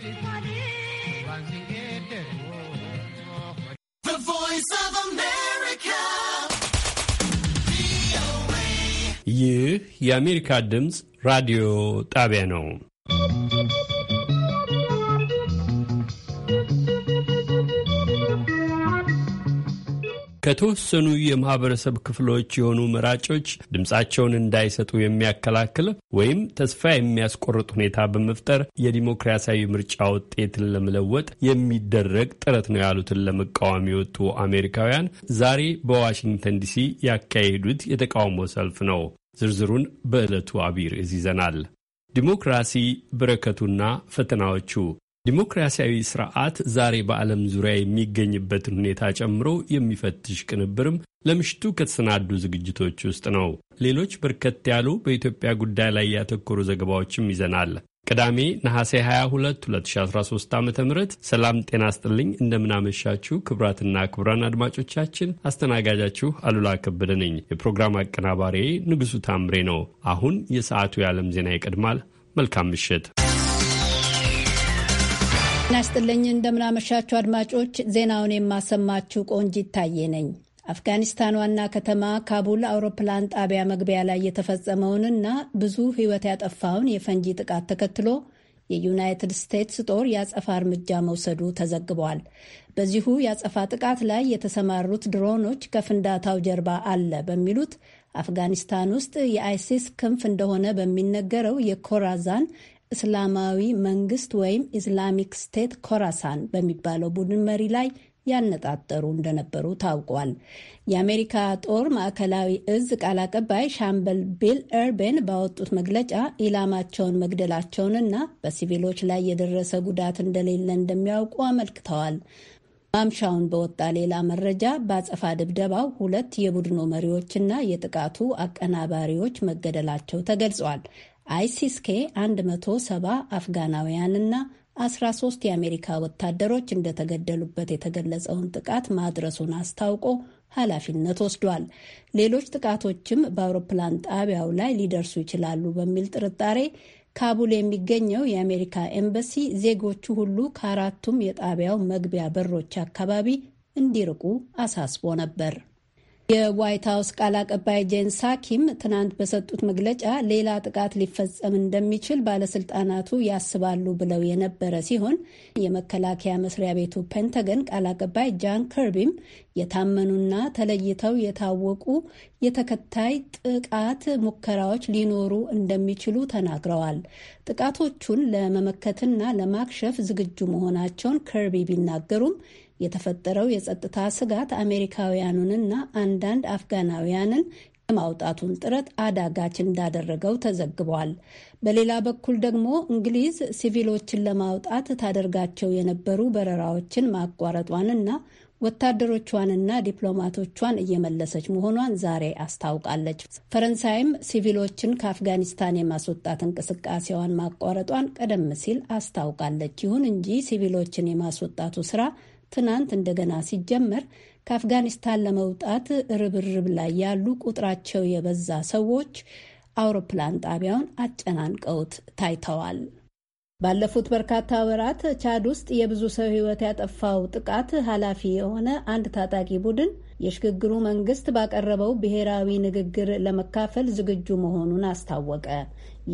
The voice of America. You, the American Dems Radio Tabiano. ከተወሰኑ የማህበረሰብ ክፍሎች የሆኑ መራጮች ድምፃቸውን እንዳይሰጡ የሚያከላክል ወይም ተስፋ የሚያስቆርጥ ሁኔታ በመፍጠር የዲሞክራሲያዊ ምርጫ ውጤትን ለመለወጥ የሚደረግ ጥረት ነው ያሉትን ለመቃወም የወጡ አሜሪካውያን ዛሬ በዋሽንግተን ዲሲ ያካሄዱት የተቃውሞ ሰልፍ ነው። ዝርዝሩን በዕለቱ አቢር ርዕስ ይዘናል። ዲሞክራሲ በረከቱና ፈተናዎቹ ዲሞክራሲያዊ ስርዓት ዛሬ በዓለም ዙሪያ የሚገኝበትን ሁኔታ ጨምሮ የሚፈትሽ ቅንብርም ለምሽቱ ከተሰናዱ ዝግጅቶች ውስጥ ነው። ሌሎች በርከት ያሉ በኢትዮጵያ ጉዳይ ላይ ያተኮሩ ዘገባዎችም ይዘናል። ቅዳሜ ነሐሴ 22 2013 ዓ ም ሰላም ጤና ስጥልኝ። እንደምናመሻችሁ ክብራትና ክቡራን አድማጮቻችን፣ አስተናጋጃችሁ አሉላ ከበደ ነኝ። የፕሮግራም አቀናባሪ ንጉሱ ታምሬ ነው። አሁን የሰዓቱ የዓለም ዜና ይቀድማል። መልካም ምሽት። ናስጥልኝ እንደምናመሻችሁ አድማጮች፣ ዜናውን የማሰማችሁ ቆንጂ ይታየ ነኝ። አፍጋኒስታን ዋና ከተማ ካቡል አውሮፕላን ጣቢያ መግቢያ ላይ የተፈጸመውንና ብዙ ሕይወት ያጠፋውን የፈንጂ ጥቃት ተከትሎ የዩናይትድ ስቴትስ ጦር የአጸፋ እርምጃ መውሰዱ ተዘግቧል። በዚሁ የአጸፋ ጥቃት ላይ የተሰማሩት ድሮኖች ከፍንዳታው ጀርባ አለ በሚሉት አፍጋኒስታን ውስጥ የአይሲስ ክንፍ እንደሆነ በሚነገረው የኮራዛን እስላማዊ መንግስት ወይም ኢስላሚክ ስቴት ኮራሳን በሚባለው ቡድን መሪ ላይ ያነጣጠሩ እንደነበሩ ታውቋል። የአሜሪካ ጦር ማዕከላዊ እዝ ቃል አቀባይ ሻምበል ቢል ኤርቤን ባወጡት መግለጫ ኢላማቸውን መግደላቸውንና በሲቪሎች ላይ የደረሰ ጉዳት እንደሌለ እንደሚያውቁ አመልክተዋል። ማምሻውን በወጣ ሌላ መረጃ በአጸፋ ድብደባው ሁለት የቡድኑ መሪዎችና የጥቃቱ አቀናባሪዎች መገደላቸው ተገልጿል። አይሲስኬ 170 አፍጋናውያንና 13 የአሜሪካ ወታደሮች እንደተገደሉበት የተገለጸውን ጥቃት ማድረሱን አስታውቆ ኃላፊነት ወስዷል። ሌሎች ጥቃቶችም በአውሮፕላን ጣቢያው ላይ ሊደርሱ ይችላሉ በሚል ጥርጣሬ ካቡል የሚገኘው የአሜሪካ ኤምባሲ ዜጎቹ ሁሉ ከአራቱም የጣቢያው መግቢያ በሮች አካባቢ እንዲርቁ አሳስቦ ነበር። የዋይት ሀውስ ቃል አቀባይ ጄን ሳኪም ትናንት በሰጡት መግለጫ ሌላ ጥቃት ሊፈጸም እንደሚችል ባለስልጣናቱ ያስባሉ ብለው የነበረ ሲሆን የመከላከያ መስሪያ ቤቱ ፔንተገን ቃል አቀባይ ጃን ከርቢም የታመኑና ተለይተው የታወቁ የተከታይ ጥቃት ሙከራዎች ሊኖሩ እንደሚችሉ ተናግረዋል። ጥቃቶቹን ለመመከትና ለማክሸፍ ዝግጁ መሆናቸውን ከርቢ ቢናገሩም የተፈጠረው የጸጥታ ስጋት አሜሪካውያኑንና አንዳንድ አፍጋናውያንን የማውጣቱን ጥረት አዳጋች እንዳደረገው ተዘግቧል። በሌላ በኩል ደግሞ እንግሊዝ ሲቪሎችን ለማውጣት ታደርጋቸው የነበሩ በረራዎችን ማቋረጧንና ወታደሮቿንና ዲፕሎማቶቿን እየመለሰች መሆኗን ዛሬ አስታውቃለች። ፈረንሳይም ሲቪሎችን ከአፍጋኒስታን የማስወጣት እንቅስቃሴዋን ማቋረጧን ቀደም ሲል አስታውቃለች። ይሁን እንጂ ሲቪሎችን የማስወጣቱ ስራ ትናንት እንደገና ሲጀመር ከአፍጋኒስታን ለመውጣት ርብርብ ላይ ያሉ ቁጥራቸው የበዛ ሰዎች አውሮፕላን ጣቢያውን አጨናንቀውት ታይተዋል። ባለፉት በርካታ ወራት ቻድ ውስጥ የብዙ ሰው ሕይወት ያጠፋው ጥቃት ኃላፊ የሆነ አንድ ታጣቂ ቡድን የሽግግሩ መንግስት ባቀረበው ብሔራዊ ንግግር ለመካፈል ዝግጁ መሆኑን አስታወቀ።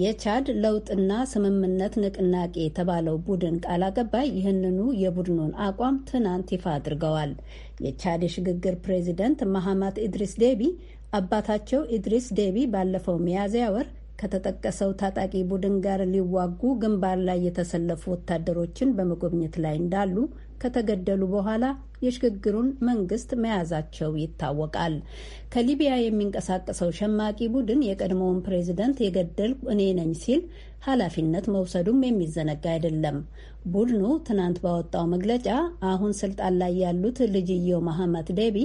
የቻድ ለውጥና ስምምነት ንቅናቄ የተባለው ቡድን ቃል አቀባይ ይህንኑ የቡድኑን አቋም ትናንት ይፋ አድርገዋል። የቻድ የሽግግር ፕሬዚደንት መሐማት ኢድሪስ ዴቢ አባታቸው ኢድሪስ ዴቢ ባለፈው ሚያዝያ ወር ከተጠቀሰው ታጣቂ ቡድን ጋር ሊዋጉ ግንባር ላይ የተሰለፉ ወታደሮችን በመጎብኘት ላይ እንዳሉ ከተገደሉ በኋላ የሽግግሩን መንግስት መያዛቸው ይታወቃል። ከሊቢያ የሚንቀሳቀሰው ሸማቂ ቡድን የቀድሞውን ፕሬዚደንት የገደልኩ እኔ ነኝ ሲል ኃላፊነት መውሰዱም የሚዘነጋ አይደለም። ቡድኑ ትናንት ባወጣው መግለጫ አሁን ስልጣን ላይ ያሉት ልጅየው መሐመድ ዴቢ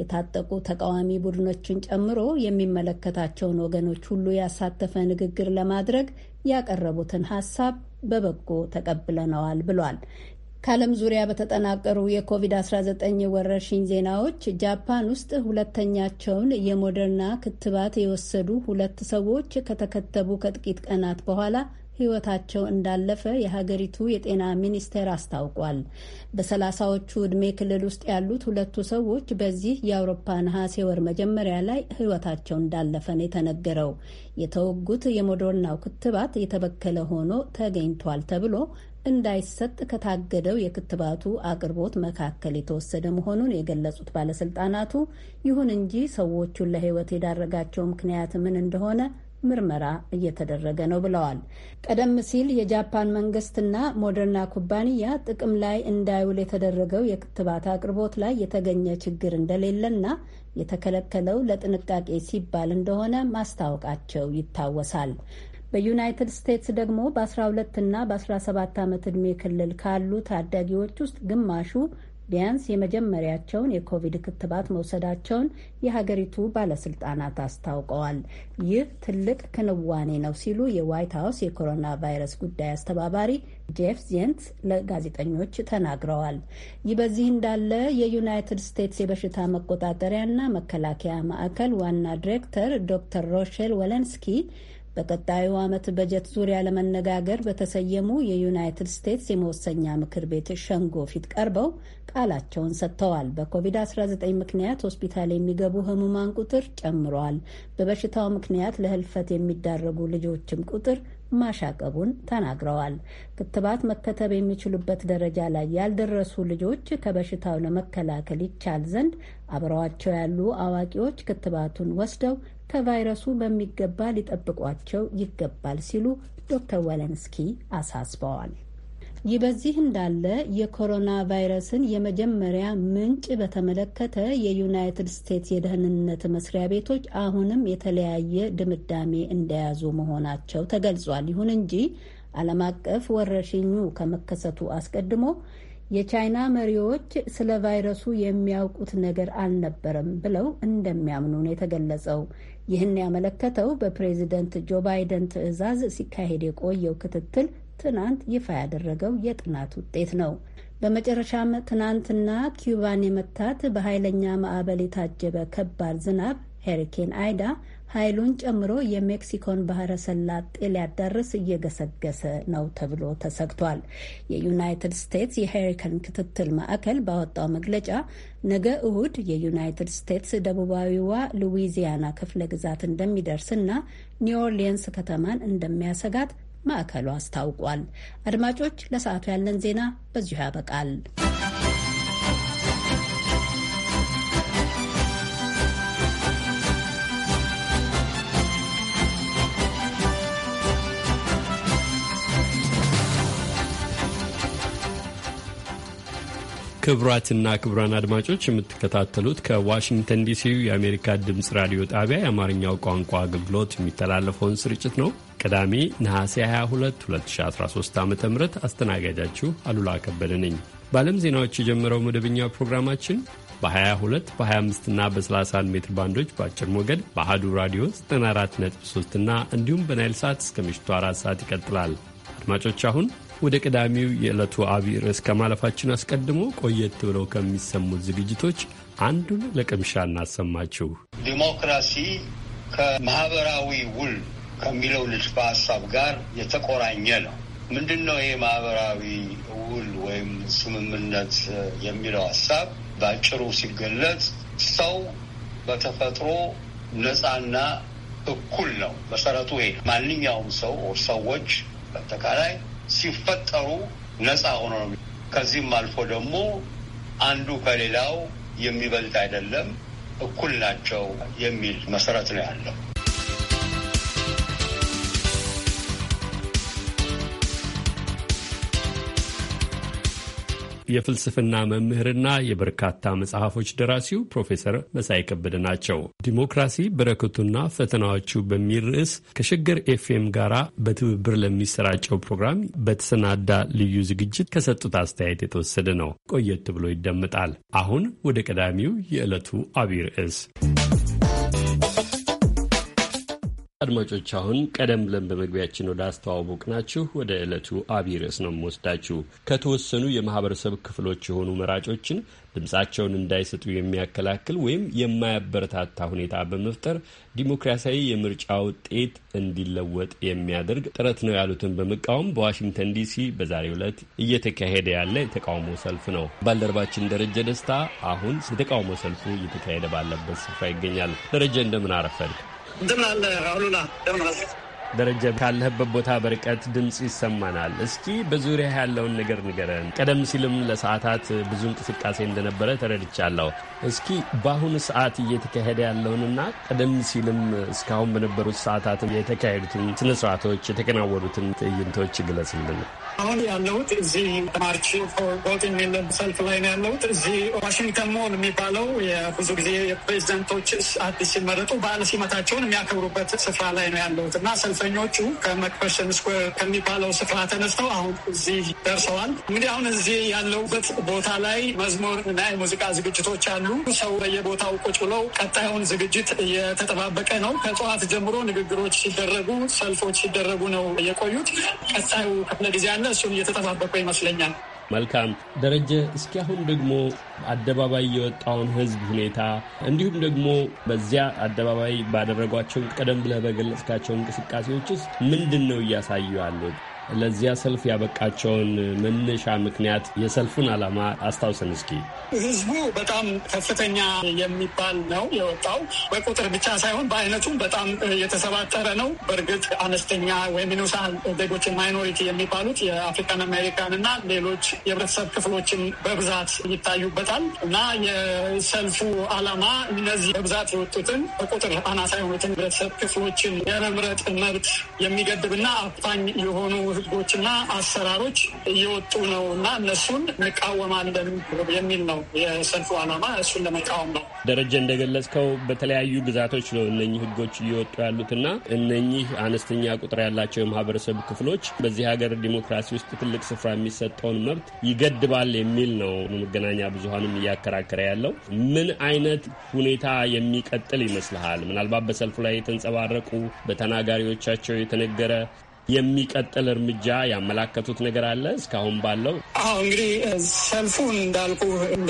የታጠቁ ተቃዋሚ ቡድኖችን ጨምሮ የሚመለከታቸውን ወገኖች ሁሉ ያሳተፈ ንግግር ለማድረግ ያቀረቡትን ሀሳብ በበጎ ተቀብለነዋል ብሏል። ከዓለም ዙሪያ በተጠናቀሩ የኮቪድ-19 ወረርሽኝ ዜናዎች ጃፓን ውስጥ ሁለተኛቸውን የሞደርና ክትባት የወሰዱ ሁለት ሰዎች ከተከተቡ ከጥቂት ቀናት በኋላ ሕይወታቸው እንዳለፈ የሀገሪቱ የጤና ሚኒስቴር አስታውቋል። በሰላሳዎቹ ዕድሜ ክልል ውስጥ ያሉት ሁለቱ ሰዎች በዚህ የአውሮፓ ነሐሴ ወር መጀመሪያ ላይ ሕይወታቸው እንዳለፈ ነው የተነገረው። የተወጉት የሞደርናው ክትባት የተበከለ ሆኖ ተገኝቷል ተብሎ እንዳይሰጥ ከታገደው የክትባቱ አቅርቦት መካከል የተወሰደ መሆኑን የገለጹት ባለስልጣናቱ፣ ይሁን እንጂ ሰዎቹን ለህይወት የዳረጋቸው ምክንያት ምን እንደሆነ ምርመራ እየተደረገ ነው ብለዋል። ቀደም ሲል የጃፓን መንግስትና ሞደርና ኩባንያ ጥቅም ላይ እንዳይውል የተደረገው የክትባት አቅርቦት ላይ የተገኘ ችግር እንደሌለና የተከለከለው ለጥንቃቄ ሲባል እንደሆነ ማስታወቃቸው ይታወሳል። በዩናይትድ ስቴትስ ደግሞ በ12 እና በ17 ዓመት ዕድሜ ክልል ካሉ ታዳጊዎች ውስጥ ግማሹ ቢያንስ የመጀመሪያቸውን የኮቪድ ክትባት መውሰዳቸውን የሀገሪቱ ባለስልጣናት አስታውቀዋል። ይህ ትልቅ ክንዋኔ ነው ሲሉ የዋይት ሀውስ የኮሮና ቫይረስ ጉዳይ አስተባባሪ ጄፍ ዜንት ለጋዜጠኞች ተናግረዋል። ይህ በዚህ እንዳለ የዩናይትድ ስቴትስ የበሽታ መቆጣጠሪያና መከላከያ ማዕከል ዋና ዲሬክተር ዶክተር ሮሼል ወለንስኪ በቀጣዩ ዓመት በጀት ዙሪያ ለመነጋገር በተሰየሙ የዩናይትድ ስቴትስ የመወሰኛ ምክር ቤት ሸንጎ ፊት ቀርበው ቃላቸውን ሰጥተዋል። በኮቪድ-19 ምክንያት ሆስፒታል የሚገቡ ህሙማን ቁጥር ጨምሯል። በበሽታው ምክንያት ለህልፈት የሚዳረጉ ልጆችም ቁጥር ማሻቀቡን ተናግረዋል። ክትባት መከተብ የሚችሉበት ደረጃ ላይ ያልደረሱ ልጆች ከበሽታው ለመከላከል ይቻል ዘንድ አብረዋቸው ያሉ አዋቂዎች ክትባቱን ወስደው ከቫይረሱ በሚገባ ሊጠብቋቸው ይገባል ሲሉ ዶክተር ወለንስኪ አሳስበዋል። ይህ በዚህ እንዳለ የኮሮና ቫይረስን የመጀመሪያ ምንጭ በተመለከተ የዩናይትድ ስቴትስ የደህንነት መስሪያ ቤቶች አሁንም የተለያየ ድምዳሜ እንደያዙ መሆናቸው ተገልጿል። ይሁን እንጂ ዓለም አቀፍ ወረርሽኙ ከመከሰቱ አስቀድሞ የቻይና መሪዎች ስለ ቫይረሱ የሚያውቁት ነገር አልነበረም ብለው እንደሚያምኑ ነው የተገለጸው። ይህን ያመለከተው በፕሬዚደንት ጆ ባይደን ትዕዛዝ ሲካሄድ የቆየው ክትትል ትናንት ይፋ ያደረገው የጥናት ውጤት ነው። በመጨረሻም ትናንትና ኪዩባን የመታት በኃይለኛ ማዕበል የታጀበ ከባድ ዝናብ ሄሪኬን አይዳ ኃይሉን ጨምሮ የሜክሲኮን ባህረ ሰላጤ ሊያዳርስ እየገሰገሰ ነው ተብሎ ተሰግቷል። የዩናይትድ ስቴትስ የሄሪከን ክትትል ማዕከል ባወጣው መግለጫ ነገ እሁድ የዩናይትድ ስቴትስ ደቡባዊዋ ሉዊዚያና ክፍለ ግዛት እንደሚደርስ ኒው ኒውኦርሊንስ ከተማን እንደሚያሰጋት ማዕከሉ አስታውቋል። አድማጮች፣ ለሰዓቱ ያለን ዜና በዚሁ ያበቃል። ክቡራትና ክቡራን አድማጮች የምትከታተሉት ከዋሽንግተን ዲሲ የአሜሪካ ድምፅ ራዲዮ ጣቢያ የአማርኛው ቋንቋ አገልግሎት የሚተላለፈውን ስርጭት ነው። ቅዳሜ ነሐሴ 22 2013 ዓ ም አስተናጋጃችሁ አሉላ ከበደ ነኝ። በዓለም ዜናዎች የጀመረው መደበኛ ፕሮግራማችን በ22 በ25 እና በ31 ሜትር ባንዶች በአጭር ሞገድ በአህዱ ራዲዮ 94.3 እና እንዲሁም በናይል ሰዓት እስከ ምሽቱ 4 ሰዓት ይቀጥላል። አድማጮች አሁን ወደ ቀዳሚው የዕለቱ አብይ ርዕስ ከማለፋችን አስቀድሞ ቆየት ብለው ከሚሰሙት ዝግጅቶች አንዱን ለቅምሻ እናሰማችሁ። ዲሞክራሲ ከማህበራዊ ውል ከሚለው ንድፈ ሀሳብ ጋር የተቆራኘ ነው። ምንድን ነው ይህ ማህበራዊ ውል ወይም ስምምነት የሚለው ሀሳብ? በአጭሩ ሲገለጽ ሰው በተፈጥሮ ነፃና እኩል ነው። መሰረቱ ይሄ ማንኛውም ሰው ሰዎች በአጠቃላይ ሲፈጠሩ ነፃ ሆኖ ነው። ከዚህም አልፎ ደግሞ አንዱ ከሌላው የሚበልጥ አይደለም፣ እኩል ናቸው የሚል መሰረት ነው ያለው። የፍልስፍና መምህርና የበርካታ መጽሐፎች ደራሲው ፕሮፌሰር መሳይ ከበደ ናቸው። ዲሞክራሲ በረከቱና ፈተናዎቹ በሚል ርዕስ ከሸገር ኤፍኤም ጋር በትብብር ለሚሰራጨው ፕሮግራም በተሰናዳ ልዩ ዝግጅት ከሰጡት አስተያየት የተወሰደ ነው። ቆየት ብሎ ይደመጣል። አሁን ወደ ቀዳሚው የዕለቱ አብይ ርዕስ አድማጮች አሁን ቀደም ብለን በመግቢያችን ወደ አስተዋወቅ ናችሁ ወደ ዕለቱ አብይ ርዕስ ነው የምወስዳችሁ። ከተወሰኑ የማህበረሰብ ክፍሎች የሆኑ መራጮችን ድምፃቸውን እንዳይሰጡ የሚያከላክል ወይም የማያበረታታ ሁኔታ በመፍጠር ዲሞክራሲያዊ የምርጫ ውጤት እንዲለወጥ የሚያደርግ ጥረት ነው ያሉትን በመቃወም በዋሽንግተን ዲሲ በዛሬው ዕለት እየተካሄደ ያለ የተቃውሞ ሰልፍ ነው። ባልደረባችን ደረጀ ደስታ አሁን የተቃውሞ ሰልፉ እየተካሄደ ባለበት ስፍራ ይገኛል። ደረጀ እንደምን አረፈልክ? ضمن علوله ደረጀ ካለህበት ቦታ በርቀት ድምፅ ይሰማናል። እስኪ በዙሪያ ያለውን ነገር ንገረን። ቀደም ሲልም ለሰዓታት ብዙ እንቅስቃሴ እንደነበረ ተረድቻለሁ። እስኪ በአሁኑ ሰዓት እየተካሄደ ያለውንና ቀደም ሲልም እስካሁን በነበሩት ሰዓታት የተካሄዱትን ስነስርዓቶች፣ የተከናወኑትን ትዕይንቶች ግለጽልን። አሁን ያለሁት እዚህ ማርች ፎርት የሚል ሰልፍ ላይ ነው ያለሁት። እዚህ ዋሽንግተን ሞል የሚባለው የብዙ ጊዜ የፕሬዚደንቶች አዲስ ሲመረጡ በዓል ሲመታቸውን የሚያከብሩበት ስፍራ ላይ ነው ያለሁት እና ሰልፍ ፈረሰኞቹ ከመክፈሽን ስኩዌር ከሚባለው ስፍራ ተነስተው አሁን እዚህ ደርሰዋል። እንግዲህ አሁን እዚህ ያለውበት ቦታ ላይ መዝሙር እና የሙዚቃ ዝግጅቶች አሉ። ሰው በየቦታው ቁጭ ብለው ቀጣዩን ዝግጅት እየተጠባበቀ ነው። ከጠዋት ጀምሮ ንግግሮች ሲደረጉ፣ ሰልፎች ሲደረጉ ነው የቆዩት። ቀጣዩ ክፍለ ጊዜ አለ። እሱን እየተጠባበቁ ይመስለኛል። መልካም ደረጀ፣ እስኪ አሁን ደግሞ አደባባይ የወጣውን ህዝብ ሁኔታ እንዲሁም ደግሞ በዚያ አደባባይ ባደረጓቸው ቀደም ብለህ በገለጽካቸው እንቅስቃሴዎች ውስጥ ምንድን ነው እያሳዩ ያሉት? ለዚያ ሰልፍ ያበቃቸውን መነሻ ምክንያት የሰልፉን ዓላማ አስታውሰን እስኪ። ህዝቡ በጣም ከፍተኛ የሚባል ነው የወጣው። በቁጥር ብቻ ሳይሆን በአይነቱም በጣም የተሰባጠረ ነው። በእርግጥ አነስተኛ ወይም ኒውሳን ዜጎች ማይኖሪቲ የሚባሉት የአፍሪካን አሜሪካን እና ሌሎች የህብረተሰብ ክፍሎችም በብዛት ይታዩበታል እና የሰልፉ ዓላማ እነዚህ በብዛት የወጡትን በቁጥር አናሳ የሆኑትን ህብረተሰብ ክፍሎችን የመምረጥ መብት የሚገድብ የሚገድብና አፋኝ የሆኑ ህጎችና አሰራሮች እየወጡ ነው እና እነሱን እንቃወማለን የሚል ነው የሰልፉ ዓላማ። እሱን ለመቃወም ነው። ደረጀ እንደገለጽከው በተለያዩ ግዛቶች ነው እነኚህ ህጎች እየወጡ ያሉትና እነኚህ አነስተኛ ቁጥር ያላቸው የማህበረሰብ ክፍሎች በዚህ ሀገር ዲሞክራሲ ውስጥ ትልቅ ስፍራ የሚሰጠውን መብት ይገድባል የሚል ነው መገናኛ ብዙሀንም እያከራከረ ያለው። ምን አይነት ሁኔታ የሚቀጥል ይመስልሃል? ምናልባት በሰልፉ ላይ የተንጸባረቁ በተናጋሪዎቻቸው የተነገረ የሚቀጥል እርምጃ ያመላከቱት ነገር አለ እስካሁን ባለው? አሁ እንግዲህ ሰልፉ እንዳልኩ እና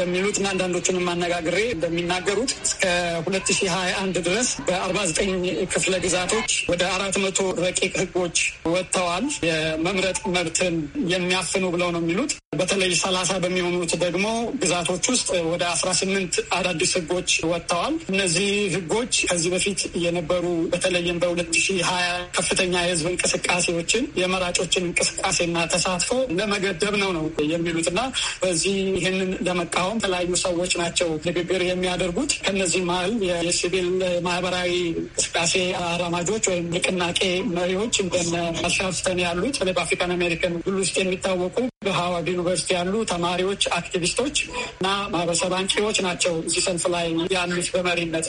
አንዳንዶቹን አነጋግሬ እንደሚናገሩት እስከ 2021 ድረስ በ49 ክፍለ ግዛቶች ወደ አራት መቶ ረቂቅ ህጎች ወጥተዋል። የመምረጥ መብትን የሚያፍኑ ብለው ነው የሚሉት። በተለይ ሰላሳ በሚሆኑት ደግሞ ግዛቶች ውስጥ ወደ አስራ ስምንት አዳዲስ ህጎች ወጥተዋል። እነዚህ ህጎች ከዚህ በፊት የነበሩ በተለይም በሁለት ሺህ ሀያ ከፍተኛ የህዝብ እንቅስቃሴዎችን የመራጮችን እንቅስቃሴና ተሳትፎ ለመገደብ ነው ነው የሚሉት እና በዚህ ይህንን ለመቃወም የተለያዩ ሰዎች ናቸው ንግግር የሚያደርጉት። ከነዚህ መሀል የሲቪል ማህበራዊ እንቅስቃሴ አራማጆች ወይም ንቅናቄ መሪዎች እንደነ ሻርስተን ያሉት በአፍሪካን አሜሪካን ውስጥ የሚታወቁ በሀዋዲኖ ዩኒቨርሲቲ ያሉ ተማሪዎች፣ አክቲቪስቶች እና ማህበረሰብ አንቂዎች ናቸው እዚህ ሰልፍ ላይ ያሉት በመሪነት።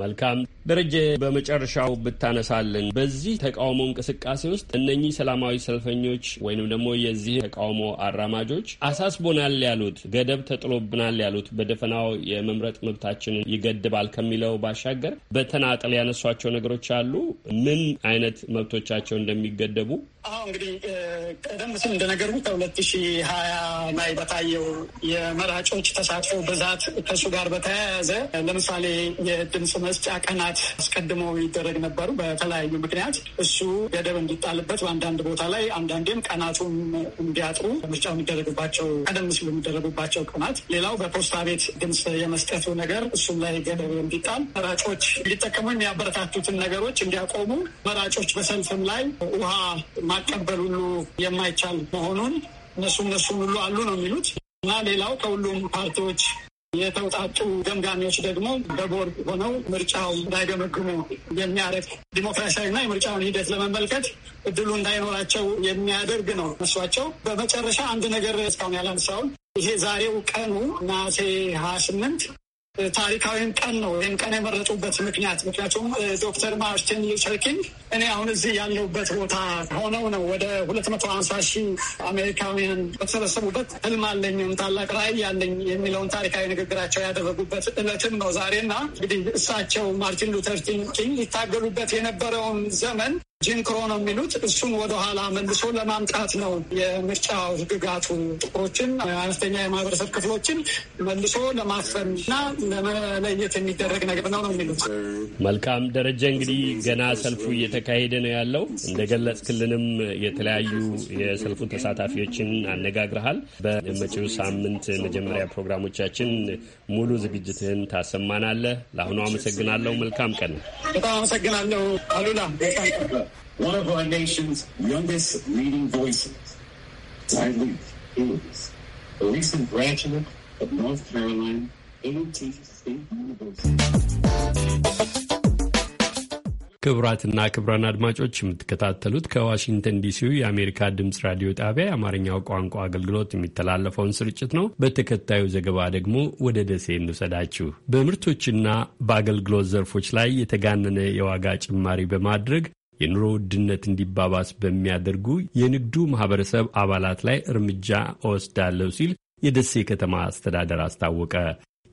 መልካም ደረጀ፣ በመጨረሻው ብታነሳልን በዚህ ተቃውሞ እንቅስቃሴ ውስጥ እነኚህ ሰላማዊ ሰልፈኞች ወይንም ደግሞ የዚህ ተቃውሞ አራማጆች አሳስቦናል ያሉት ገደብ ተጥሎብናል ያሉት በደፈናው የመምረጥ መብታችንን ይገድባል ከሚለው ባሻገር በተናጠል ያነሷቸው ነገሮች አሉ። ምን አይነት መብቶቻቸው እንደሚገደቡ አሁ እንግዲህ ቀደም ሲል እንደነገሩ ከሁለት ሺ ሀያ ላይ በታየው የመራጮች ተሳትፎ ብዛት ከሱ ጋር በተያያዘ ለምሳሌ የድምፅ መስጫ ቀናት አስቀድሞ ይደረግ ነበሩ። በተለያዩ ምክንያት እሱ ገደብ እንዲጣልበት በአንዳንድ ቦታ ላይ አንዳንዴም ቀናቱም እንዲያጥሩ ምርጫው የሚደረግባቸው ቀደም ሲሉ የሚደረጉባቸው ቀናት፣ ሌላው በፖስታ ቤት ድምፅ የመስጠቱ ነገር እሱም ላይ ገደብ እንዲጣል መራጮች እንዲጠቀሙ የሚያበረታቱትን ነገሮች እንዲያቆሙ መራጮች በሰልፍም ላይ ውሃ ማቀበል ሁሉ የማይቻል መሆኑን እነሱ እነሱ ሁሉ አሉ ነው የሚሉት እና ሌላው ከሁሉም ፓርቲዎች የተውጣጡ ገምጋሚዎች ደግሞ በቦርድ ሆነው ምርጫው እንዳይገመግሙ የሚያደርግ ዲሞክራሲያዊና የምርጫውን ሂደት ለመመልከት እድሉ እንዳይኖራቸው የሚያደርግ ነው መስሏቸው። በመጨረሻ አንድ ነገር እስካሁን ያላነሳውን ይሄ ዛሬው ቀኑ ነሐሴ ሀያ ስምንት ታሪካዊም ቀን ነው። ይህን ቀን የመረጡበት ምክንያት ምክንያቱም ዶክተር ማርቲን ሉተር ኪንግ እኔ አሁን እዚህ ያለሁበት ቦታ ሆነው ነው ወደ ሁለት መቶ ሀምሳ ሺህ አሜሪካውያን በተሰበሰቡበት ህልም አለኝም ታላቅ ራዕይ ያለኝ የሚለውን ታሪካዊ ንግግራቸው ያደረጉበት እለትም ነው ዛሬና እንግዲህ እሳቸው ማርቲን ሉተር ኪንግ ይታገሉበት የነበረውን ዘመን ጅንክሮ ነው የሚሉት። እሱን ወደኋላ መልሶ ለማምጣት ነው የምርጫ ህግጋቱ ጥቁሮችን፣ አነስተኛ የማህበረሰብ ክፍሎችን መልሶ ለማፈን እና ለመለየት የሚደረግ ነገር ነው ነው የሚሉት። መልካም ደረጀ፣ እንግዲህ ገና ሰልፉ እየተካሄደ ነው ያለው። እንደገለጽክልንም የተለያዩ የሰልፉ ተሳታፊዎችን አነጋግረሃል። በመጪው ሳምንት መጀመሪያ ፕሮግራሞቻችን ሙሉ ዝግጅትህን ታሰማናለህ። ለአሁኑ አመሰግናለሁ። መልካም ቀን። በጣም አመሰግናለሁ አሉላ። one of our nation's youngest leading voices. Tyreek Hughes, a recent graduate of North Carolina A&T State University. ክቡራትና ክቡራን አድማጮች የምትከታተሉት ከዋሽንግተን ዲሲው የአሜሪካ ድምፅ ራዲዮ ጣቢያ የአማርኛው ቋንቋ አገልግሎት የሚተላለፈውን ስርጭት ነው። በተከታዩ ዘገባ ደግሞ ወደ ደሴ እንውሰዳችሁ። በምርቶችና በአገልግሎት ዘርፎች ላይ የተጋነነ የዋጋ ጭማሪ በማድረግ የኑሮ ውድነት እንዲባባስ በሚያደርጉ የንግዱ ማህበረሰብ አባላት ላይ እርምጃ እወስዳለሁ ሲል የደሴ ከተማ አስተዳደር አስታወቀ።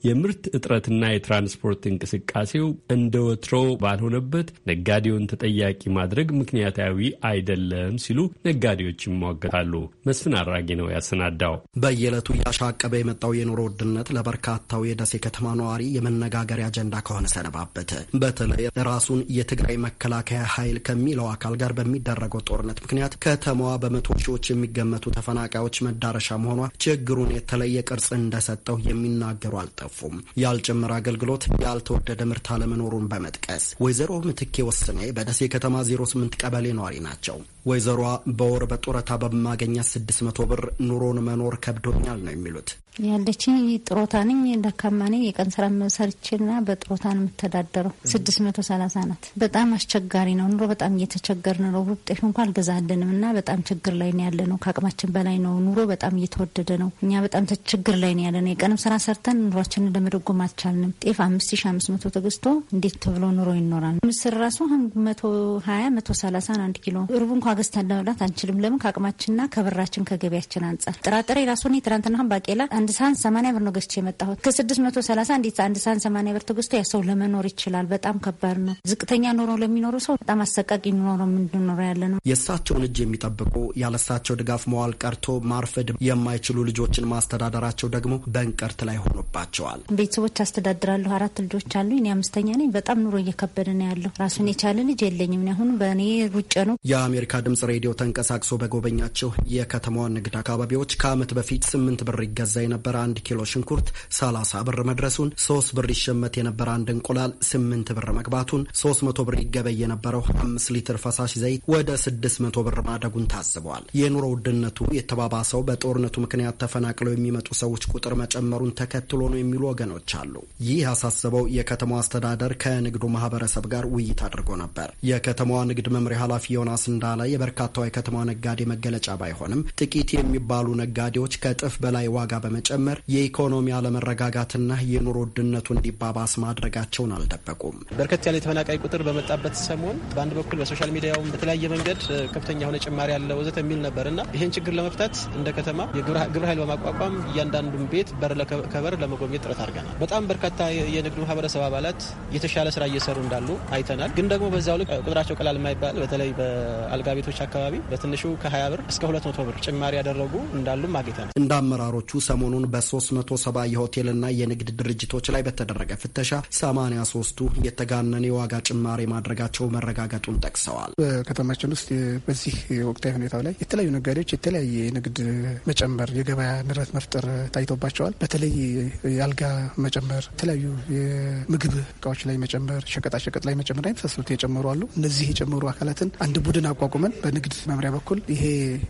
የምርት እጥረትና የትራንስፖርት እንቅስቃሴው እንደ ወትሮ ባልሆነበት ነጋዴውን ተጠያቂ ማድረግ ምክንያታዊ አይደለም ሲሉ ነጋዴዎች ይሟገታሉ። መስፍን አራጌ ነው ያሰናዳው። በየዕለቱ እያሻቀበ የመጣው የኑሮ ውድነት ለበርካታው የደሴ ከተማ ነዋሪ የመነጋገሪያ አጀንዳ ከሆነ ሰነባበት። በተለይ ራሱን የትግራይ መከላከያ ኃይል ከሚለው አካል ጋር በሚደረገው ጦርነት ምክንያት ከተማዋ በመቶ ሺዎች የሚገመቱ ተፈናቃዮች መዳረሻ መሆኗ ችግሩን የተለየ ቅርጽ እንደሰጠው የሚናገሩ አልጠፉ። አልጠፉም። ያልጨመረ አገልግሎት፣ ያልተወደደ ምርት አለመኖሩን በመጥቀስ ወይዘሮ ምትኬ ወስኔ በደሴ ከተማ 08 ቀበሌ ነዋሪ ናቸው። ወይዘሯ በወር በጡረታ በማገኛት ስድስት መቶ ብር ኑሮን መኖር ከብዶኛል ነው የሚሉት። ያለችኝ ጥሮታ ነኝ፣ ደካማ ነኝ። የቀን ስራ ሰርቼና በጥሮታ ነው የምተዳደረው። ስድስት መቶ ሰላሳ ናት። በጣም አስቸጋሪ ነው ኑሮ። በጣም እየተቸገርን ነው። ጤፍ እንኳ አልገዛልንም እና በጣም ችግር ላይ ነው ያለ ነው። ከአቅማችን በላይ ነው። ኑሮ በጣም እየተወደደ ነው። እኛ በጣም ችግር ላይ ነው ያለ ነው። የቀንም ስራ ሰርተን ኑሯችንን ለመደጎም አልቻልንም። ጤፍ አምስት ሺ አምስት መቶ ተገዝቶ እንዴት ተብሎ ኑሮ ይኖራል? ምስር ራሱ መቶ ሀያ መቶ ሰላሳ አንድ ኪሎ ሩብ እንኳ ገዝተን ለመብላት አንችልም። ለምን? ከአቅማችንና ከብራችን ከገቢያችን አንጻር። ጥራጥሬ ራሱ እኔ ትናንትና ባቄላ አንድ ሳህን ሰማንያ ብር ነው ገዝቼ የመጣሁት ከስድስት መቶ ሰላሳ እንዴት አንድ ሳህን ሰማንያ ብር ተገዝቶ ያ ሰው ለመኖር ይችላል? በጣም ከባድ ነው። ዝቅተኛ ኑሮ ለሚኖሩ ሰው በጣም አሰቃቂ ኑሮ የምንኖረ ያለ ነው። የእሳቸውን እጅ የሚጠብቁ ያለሳቸው ድጋፍ መዋል ቀርቶ ማርፈድ የማይችሉ ልጆችን ማስተዳደራቸው ደግሞ በእንቅርት ላይ ሆኖባቸዋል። ቤተሰቦች አስተዳድራለሁ። አራት ልጆች አሉ። እኔ አምስተኛ ነኝ። በጣም ኑሮ እየከበደ ነው ያለው። ራሱን የቻለ ልጅ የለኝም። አሁን በእኔ ሩጬ ነው። የአሜሪካ ድምጽ ሬዲዮ ተንቀሳቅሶ በጎበኛቸው የከተማዋ ንግድ አካባቢዎች ከዓመት በፊት ስምንት ብር ይገዛ የነበረ አንድ ኪሎ ሽንኩርት ሰላሳ ብር መድረሱን፣ ሶስት ብር ይሸመት የነበረ አንድ እንቁላል ስምንት ብር መግባቱን፣ ሶስት መቶ ብር ይገበይ የነበረው አምስት ሊትር ፈሳሽ ዘይት ወደ ስድስት መቶ ብር ማደጉን ታስበዋል። የኑሮ ውድነቱ የተባባሰው በጦርነቱ ምክንያት ተፈናቅለው የሚመጡ ሰዎች ቁጥር መጨመሩን ተከትሎ ነው የሚሉ ወገኖች አሉ። ይህ ያሳሰበው የከተማዋ አስተዳደር ከንግዱ ማህበረሰብ ጋር ውይይት አድርጎ ነበር። የከተማዋ ንግድ መምሪያ ኃላፊ ዮናስ እንዳለ የበርካታው የከተማ ነጋዴ መገለጫ ባይሆንም ጥቂት የሚባሉ ነጋዴዎች ከእጥፍ በላይ ዋጋ በመጨመር የኢኮኖሚ አለመረጋጋትና የኑሮ ውድነቱ እንዲባባስ ማድረጋቸውን አልደበቁም። በርከት ያለ የተፈናቃይ ቁጥር በመጣበት ሰሞን በአንድ በኩል በሶሻል ሚዲያውም በተለያየ መንገድ ከፍተኛ የሆነ ጭማሪ ያለ ወዘት የሚል ነበር እና ይህን ችግር ለመፍታት እንደ ከተማ የግብረ ኃይል በማቋቋም እያንዳንዱን ቤት በር ከበር ለመጎብኘት ጥረት አድርገናል። በጣም በርካታ የንግዱ ማህበረሰብ አባላት የተሻለ ስራ እየሰሩ እንዳሉ አይተናል። ግን ደግሞ በዚያው ልክ ቁጥራቸው ቀላል የማይባል በተለይ በአልጋ ቤቶች አካባቢ በትንሹ ከ20 ብር እስከ 200 ብር ጭማሪ ያደረጉ እንዳሉም አግኝተናል። እንደ አመራሮቹ ሰሞኑን በ370 የሆቴልና የንግድ ድርጅቶች ላይ በተደረገ ፍተሻ 83ቱ የተጋነነ የዋጋ ጭማሪ ማድረጋቸው መረጋገጡን ጠቅሰዋል። በከተማችን ውስጥ በዚህ ወቅታዊ ሁኔታ ላይ የተለያዩ ነጋዴዎች የተለያየ የንግድ መጨመር፣ የገበያ ንረት መፍጠር ታይቶባቸዋል። በተለይ የአልጋ መጨመር፣ የተለያዩ የምግብ እቃዎች ላይ መጨመር፣ ሸቀጣሸቀጥ ላይ መጨመር የመሳሰሉት የጨመሩ አሉ። እነዚህ የጨመሩ አካላትን አንድ ቡድን አቋቁመን አለን። በንግድ መምሪያ በኩል ይሄ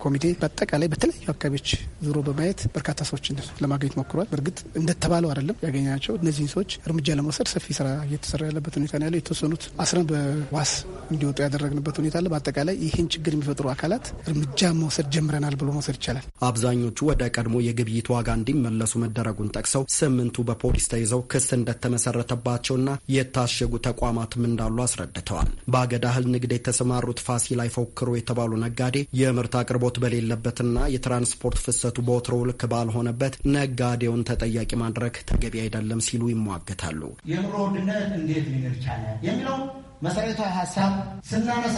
ኮሚቴ በአጠቃላይ በተለያዩ አካባቢዎች ዙሮ በማየት በርካታ ሰዎችን ለማግኘት ሞክሯል። በእርግጥ እንደተባለው አይደለም ያገኘናቸው። እነዚህን ሰዎች እርምጃ ለመውሰድ ሰፊ ስራ እየተሰራ ያለበት ሁኔታ ነው ያለው። የተወሰኑት አስረን በዋስ እንዲወጡ ያደረግንበት ሁኔታ አለ። በአጠቃላይ ይህን ችግር የሚፈጥሩ አካላት እርምጃ መውሰድ ጀምረናል ብሎ መውሰድ ይቻላል። አብዛኞቹ ወደ ቀድሞ የግብይት ዋጋ እንዲመለሱ መደረጉን ጠቅሰው ስምንቱ በፖሊስ ተይዘው ክስ እንደተመሰረተባቸውና የታሸጉ ተቋማትም እንዳሉ አስረድተዋል። በአገዳ እህል ንግድ የተሰማሩት ፋሲል አይፎክሩ የተባሉ ነጋዴ የምርት አቅርቦት በሌለበትና የትራንስፖርት ፍሰቱ በወትሮው ልክ ባልሆነበት ነጋዴውን ተጠያቂ ማድረግ ተገቢ አይደለም ሲሉ ይሟገታሉ። የኑሮ ውድነት እንዴት ሊንር ይቻላል የሚለው መሰረታዊ ሀሳብ ስናነሳ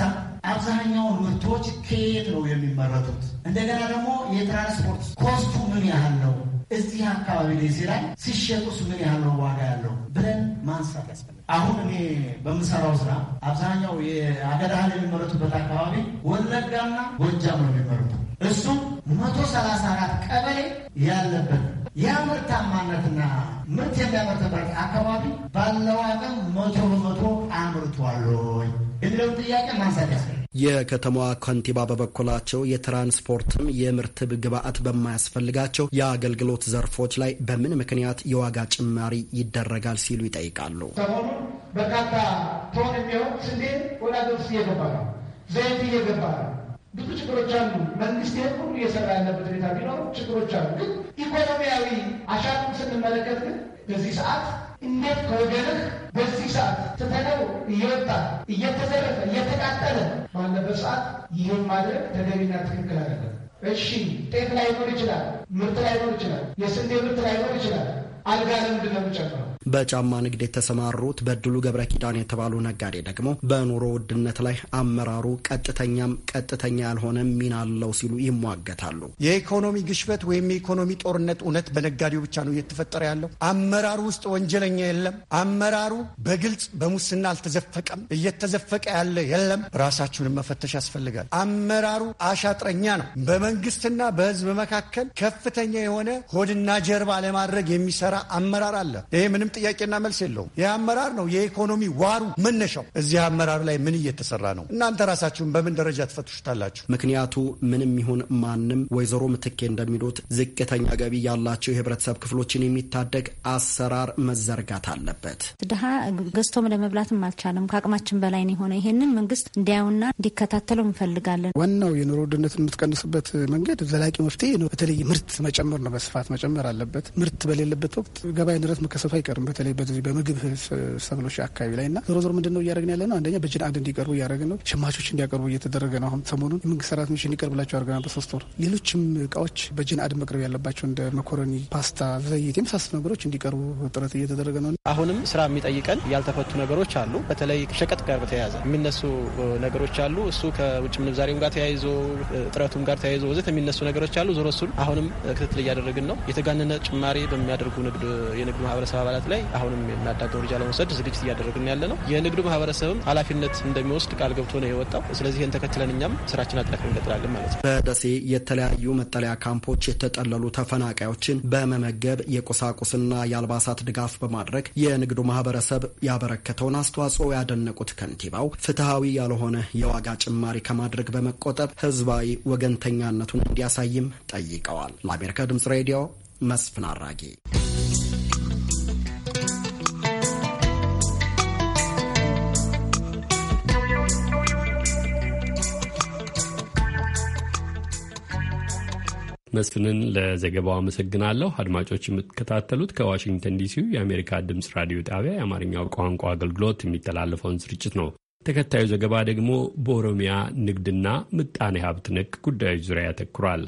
አብዛኛውን ምርቶች ከየት ነው የሚመረቱት? እንደገና ደግሞ የትራንስፖርት ኮስቱ ምን ያህል ነው? እዚህ አካባቢ ላይ ሲሸጡስ ምን ያህል ነው ዋጋ ያለው ብለን ማንሳት ያስፈል አሁን እኔ በምሰራው ስራ አብዛኛው የአገዳ የሚመረቱበት አካባቢ ወለጋና ጎጃም ነው የሚመረቱ። እሱ መቶ ሰላሳ አራት ቀበሌ ያለበት ያ ምርታማነትና ምርት የሚያመርትበት አካባቢ ባለው አቅም መቶ በመቶ አምርቷል። የሚለውን ጥያቄ ማንሳት ያስፈልጋል። የከተማዋ ከንቲባ በበኩላቸው የትራንስፖርትም የምርትብ ግብአት በማያስፈልጋቸው የአገልግሎት ዘርፎች ላይ በምን ምክንያት የዋጋ ጭማሪ ይደረጋል ሲሉ ይጠይቃሉ። ሰሞኑን በርካታ ቶን የሚሆን ስንዴ ወደ አገር ውስጥ እየገባ ነው። ዘይት እየገባ ነው። ብዙ ችግሮች አሉ። መንግስት ይህን ሁሉ እየሰራ ያለበት ሁኔታ ቢኖሩ ችግሮች አሉ። ግን ኢኮኖሚያዊ አሻጥም ስንመለከት ግን በዚህ ሰዓት እንዴት ከወገንህ በዚህ ሰዓት ትተነው እየወጣ እየተዘረፈ እየተቃጠለ ባለበት ሰዓት ይህን ማድረግ ተገቢና ትክክል አይደለም። እሺ ጤፍ ላይኖር ይችላል፣ ምርት ላይኖር ይችላል፣ የስንዴ ምርት ላይኖር ይችላል። አልጋ ለምንድን ነው የሚጨምረው? በጫማ ንግድ የተሰማሩት በድሉ ገብረ ኪዳን የተባሉ ነጋዴ ደግሞ በኑሮ ውድነት ላይ አመራሩ ቀጥተኛም ቀጥተኛ ያልሆነ ሚና አለው ሲሉ ይሟገታሉ። የኢኮኖሚ ግሽበት ወይም የኢኮኖሚ ጦርነት እውነት በነጋዴው ብቻ ነው እየተፈጠረ ያለው። አመራሩ ውስጥ ወንጀለኛ የለም። አመራሩ በግልጽ በሙስና አልተዘፈቀም። እየተዘፈቀ ያለ የለም። ራሳችሁን መፈተሽ ያስፈልጋል። አመራሩ አሻጥረኛ ነው። በመንግስትና በህዝብ መካከል ከፍተኛ የሆነ ሆድና ጀርባ ለማድረግ የሚሰራ አመራር አለ። ይሄ ምንም ጥያቄና መልስ የለውም። ይህ አመራር ነው የኢኮኖሚ ዋሩ መነሻው። እዚህ አመራር ላይ ምን እየተሰራ ነው? እናንተ ራሳችሁን በምን ደረጃ ትፈትሹታላችሁ? ምክንያቱ ምንም ይሁን ማንም ወይዘሮ ምትኬ እንደሚሉት ዝቅተኛ ገቢ ያላቸው የህብረተሰብ ክፍሎችን የሚታደግ አሰራር መዘርጋት አለበት። ድሀ ገዝቶም ለመብላትም አልቻለም። ከአቅማችን በላይ ነው የሆነ። ይህንን መንግስት እንዲያዩና እንዲከታተለው እንፈልጋለን። ዋናው የኑሮ ውድነትን የምትቀንስበት መንገድ ዘላቂ መፍትሄ ነው። በተለይ ምርት መጨመር ነው። በስፋት መጨመር አለበት። ምርት በሌለበት ወቅት ገበያ ንረት መከሰቱ አይቀርም። አናውቅም። በተለይ በዚህ በምግብ ሰብሎች አካባቢ ላይ እና ዞሮ ዞሮ ምንድን ነው እያደረግን ያለ ነው? አንደኛ በጅን በጅንአድ እንዲቀርቡ እያደረግን ነው። ሸማቾች እንዲያቀርቡ እየተደረገ ነው። አሁን ሰሞኑን የመንግስት ሰራተኞች እንዲቀርብላቸው አድርገናል። በሶስት ወር ሌሎችም እቃዎች በጅን አድ መቅረብ ያለባቸው እንደ መኮረኒ፣ ፓስታ፣ ዘይት የመሳሰሉ ነገሮች እንዲቀርቡ ጥረት እየተደረገ ነው። አሁንም ስራ የሚጠይቀን ያልተፈቱ ነገሮች አሉ። በተለይ ሸቀጥ ጋር በተያያዘ የሚነሱ ነገሮች አሉ። እሱ ከውጭ ምንዛሬውም ጋር ተያይዞ ጥረቱም ጋር ተያይዞ ወዘት የሚነሱ ነገሮች አሉ። ዞሮ እሱን አሁንም ክትትል እያደረግን ነው። የተጋነነ ጭማሪ በሚያደርጉ ንግድ የንግድ ማህበረሰብ አባላት ላይ ላይ አሁንም የሚያዳግም እርምጃ ለመውሰድ ዝግጅት እያደረግን ያለ ነው። የንግዱ ማህበረሰብም ኃላፊነት እንደሚወስድ ቃል ገብቶ ነው የወጣው። ስለዚህ ይህን ተከትለን እኛም ስራችን አጠናክረን እንቀጥላለን ማለት ነው። በደሴ የተለያዩ መጠለያ ካምፖች የተጠለሉ ተፈናቃዮችን በመመገብ የቁሳቁስና የአልባሳት ድጋፍ በማድረግ የንግዱ ማህበረሰብ ያበረከተውን አስተዋጽኦ ያደነቁት ከንቲባው ፍትሐዊ ያልሆነ የዋጋ ጭማሪ ከማድረግ በመቆጠብ ህዝባዊ ወገንተኛነቱን እንዲያሳይም ጠይቀዋል። ለአሜሪካ ድምጽ ሬዲዮ መስፍን አራጌ መስፍንን ለዘገባው አመሰግናለሁ። አድማጮች የምትከታተሉት ከዋሽንግተን ዲሲው የአሜሪካ ድምፅ ራዲዮ ጣቢያ የአማርኛው ቋንቋ አገልግሎት የሚተላለፈውን ስርጭት ነው። ተከታዩ ዘገባ ደግሞ በኦሮሚያ ንግድና ምጣኔ ሀብት ነክ ጉዳዮች ዙሪያ ያተኩራል።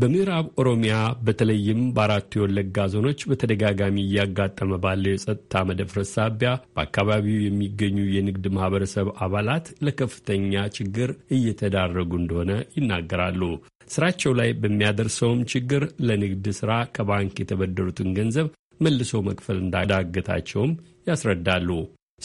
በምዕራብ ኦሮሚያ በተለይም በአራቱ የወለጋ ዞኖች በተደጋጋሚ እያጋጠመ ባለው የጸጥታ መደፍረስ ሳቢያ በአካባቢው የሚገኙ የንግድ ማህበረሰብ አባላት ለከፍተኛ ችግር እየተዳረጉ እንደሆነ ይናገራሉ። ስራቸው ላይ በሚያደርሰውም ችግር ለንግድ ስራ ከባንክ የተበደሩትን ገንዘብ መልሶ መክፈል እንዳዳገታቸውም ያስረዳሉ።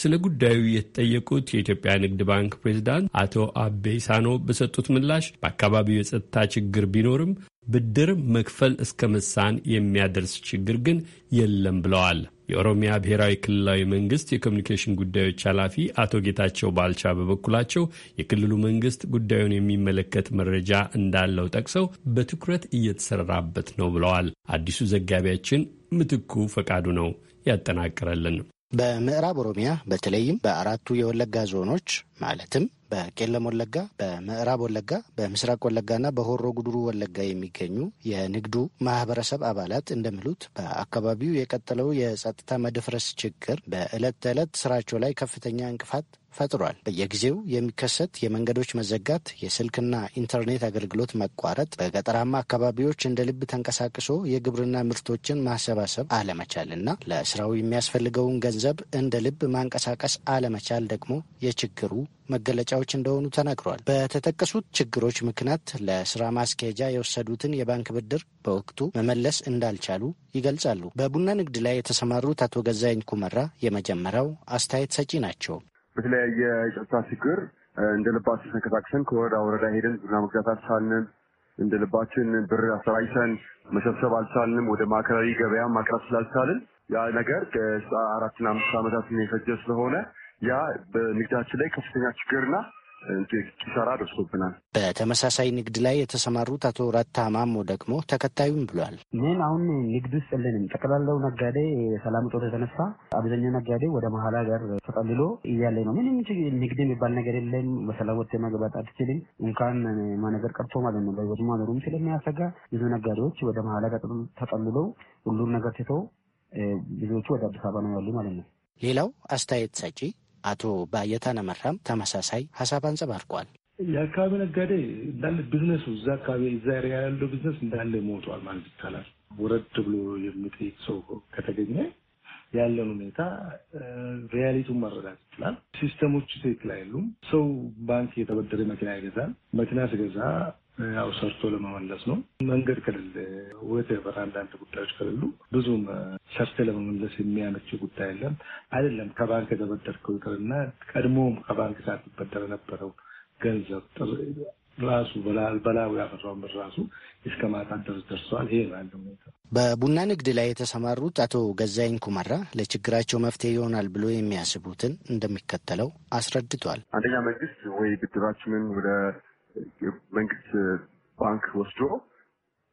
ስለ ጉዳዩ የተጠየቁት የኢትዮጵያ ንግድ ባንክ ፕሬዚዳንት አቶ አቤ ሳኖ በሰጡት ምላሽ በአካባቢው የጸጥታ ችግር ቢኖርም ብድር መክፈል እስከ መሳን የሚያደርስ ችግር ግን የለም ብለዋል። የኦሮሚያ ብሔራዊ ክልላዊ መንግስት የኮሚኒኬሽን ጉዳዮች ኃላፊ አቶ ጌታቸው ባልቻ በበኩላቸው የክልሉ መንግስት ጉዳዩን የሚመለከት መረጃ እንዳለው ጠቅሰው በትኩረት እየተሰራበት ነው ብለዋል። አዲሱ ዘጋቢያችን ምትኩ ፈቃዱ ነው ያጠናቀረልን። በምዕራብ ኦሮሚያ በተለይም በአራቱ የወለጋ ዞኖች ማለትም በቄለም ወለጋ፣ በምዕራብ ወለጋ፣ በምስራቅ ወለጋና በሆሮ ጉድሩ ወለጋ የሚገኙ የንግዱ ማህበረሰብ አባላት እንደሚሉት በአካባቢው የቀጠለው የጸጥታ መደፍረስ ችግር በዕለት ተዕለት ስራቸው ላይ ከፍተኛ እንቅፋት ፈጥሯል። በየጊዜው የሚከሰት የመንገዶች መዘጋት፣ የስልክና ኢንተርኔት አገልግሎት መቋረጥ፣ በገጠራማ አካባቢዎች እንደ ልብ ተንቀሳቅሶ የግብርና ምርቶችን ማሰባሰብ አለመቻልና ለስራው የሚያስፈልገውን ገንዘብ እንደ ልብ ማንቀሳቀስ አለመቻል ደግሞ የችግሩ መገለጫዎች እንደሆኑ ተነግሯል። በተጠቀሱት ችግሮች ምክንያት ለስራ ማስኬጃ የወሰዱትን የባንክ ብድር በወቅቱ መመለስ እንዳልቻሉ ይገልጻሉ። በቡና ንግድ ላይ የተሰማሩት አቶ ገዛኝ ኩመራ የመጀመሪያው አስተያየት ሰጪ ናቸው። በተለያየ የጸጥታ ችግር እንደ ልባችን ተንቀሳቅሰን ከወረዳ ወረዳ ሄደን ቡና መግዛት አልቻልንም። እንደ ልባችን ብር አሰራጭተን መሰብሰብ አልቻልንም። ወደ ማዕከላዊ ገበያ ማቅረብ ስላልቻልን ያ ነገር አራትና አምስት ዓመታት የፈጀ ስለሆነ ያ በንግዳችን ላይ ከፍተኛ ችግርና ኪሳራ ደርሶብናል። በተመሳሳይ ንግድ ላይ የተሰማሩት አቶ ረታ ማሞ ደግሞ ተከታዩም ብሏል። ምን አሁን ንግድ ውስጥ የለንም። ጠቅላላው ነጋዴ ሰላም ጦር የተነሳ አብዛኛው ነጋዴ ወደ መሀል ሀገር ተጠልሎ እያለ ነው። ምንም ንግድ የሚባል ነገር የለም። በሰላም ወጥቶ መግባት አትችልም። እንኳን ማነገር ቀርቶ ማለት ነው። በህይወት ማኖሩም ስለሚያሰጋ ብዙ ነጋዴዎች ወደ መሀል ሀገር ተጠልሎ ሁሉም ነገር ትቶ ብዙዎቹ ወደ አዲስ አበባ ነው ያሉ ማለት ነው። ሌላው አስተያየት ሰጪ አቶ ባየታነ መራም ተመሳሳይ ሀሳብ አንጸባርቋል። የአካባቢ ነጋዴ እንዳለ ቢዝነሱ እዛ አካባቢ እዛ ኤሪያ ያለው ቢዝነስ እንዳለ ሞቷል ማለት ይቻላል። ውረድ ብሎ የሚጠይቅ ሰው ከተገኘ ያለን ሁኔታ ሪያሊቱን መረዳት ይችላል። ሲስተሞች ትክክል አይሉም። ሰው ባንክ የተበደረ መኪና ይገዛል። መኪና ስገዛ ያው ሰርቶ ለመመለስ ነው። መንገድ ከሌለ ወቴቨር አንዳንድ ጉዳዮች ከሌሉ ብዙም ሰርቶ ለመመለስ የሚያመች ጉዳይ የለም። አይደለም ከባንክ የተበደርከው ይቅርና ቀድሞም ከባንክ ሳትበደር የነበረው ገንዘብ ራሱ በላዩ ያፈራውን ብር ራሱ እስከ ማጣት ድረስ ደርሰዋል። ይሄ ነው ባለ ሁኔታ በቡና ንግድ ላይ የተሰማሩት አቶ ገዛይን ኩመራ ለችግራቸው መፍትሄ ይሆናል ብሎ የሚያስቡትን እንደሚከተለው አስረድቷል። አንደኛ መንግስት ወይ ብድራችንን ወደ መንግስት ባንክ ወስዶ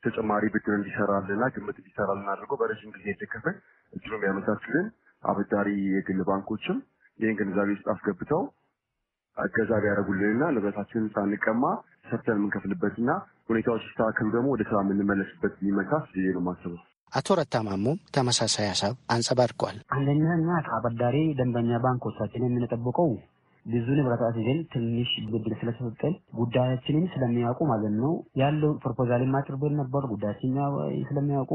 ተጨማሪ ብድር እንዲሰራልና ግምት እንዲሰራልን አድርጎ በረዥም ጊዜ የተከፈ እድሉ ያመቻችልን አበዳሪ የግል ባንኮችም ይህን ግንዛቤ ውስጥ አስገብተው እገዛ ቢያደርጉልንና ንብረታችንን ሳንቀማ ሰርተን የምንከፍልበትና ሁኔታዎች ሲስተካከሉ ደግሞ ወደ ስራ የምንመለስበት ሊመቻች ዜ ነው ማስበው። አቶ ረታ ማሞም ተመሳሳይ ሀሳብ አንጸባርቋል። አንደኛ አንደኛና ከአበዳሪ ደንበኛ ባንኮቻችን የምንጠብቀው ብዙ ንብረታት ይዘን ትንሽ ብድር ስለተሰጠን ጉዳያችንን ስለሚያውቁ ማለት ነው ያለው ፕሮፖዛል አቅርበን ነበር። ጉዳያችን ስለሚያውቁ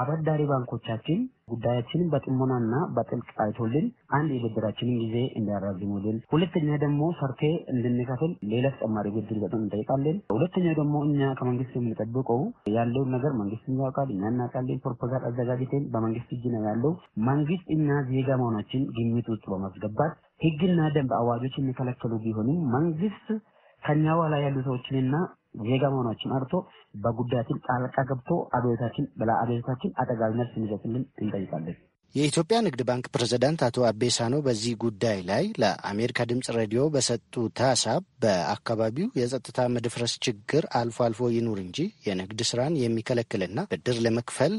አበዳሪ ባንኮቻችን ጉዳያችንን በጥሞናና በጥልቅ አይቶልን አንድ የብድራችንን ጊዜ እንዲያራዝሙልን፣ ሁለተኛ ደግሞ ሰርቴ እንድንከፍል ሌላ ተጨማሪ ብድር በጣም እንጠይቃለን። ሁለተኛ ደግሞ እኛ ከመንግስት የምንጠብቀው ያለውን ነገር መንግስት ያውቃል፣ እኛ እናውቃለን። ፕሮፖዛል አዘጋጅተን በመንግስት እጅ ነው ያለው። መንግስት እኛ ዜጋ መሆናችን ግምት ውስጥ በማስገባት ህግና ደንብ አዋጆች የሚከለክሉ ቢሆንም መንግስት ከኛ በኋላ ያሉ ሰዎችንና ዜጋ መሆናችን አርቶ በጉዳያችን ጣልቃ ገብቶ አቤታችን በላ አቤታችን አጠጋቢ መልስ እንዲሰጥልን እንጠይቃለን። የኢትዮጵያ ንግድ ባንክ ፕሬዝዳንት አቶ አቤሳኖ በዚህ ጉዳይ ላይ ለአሜሪካ ድምፅ ሬዲዮ በሰጡት ሀሳብ በአካባቢው የጸጥታ መድፍረስ ችግር አልፎ አልፎ ይኑር እንጂ የንግድ ስራን የሚከለክልና ብድር ለመክፈል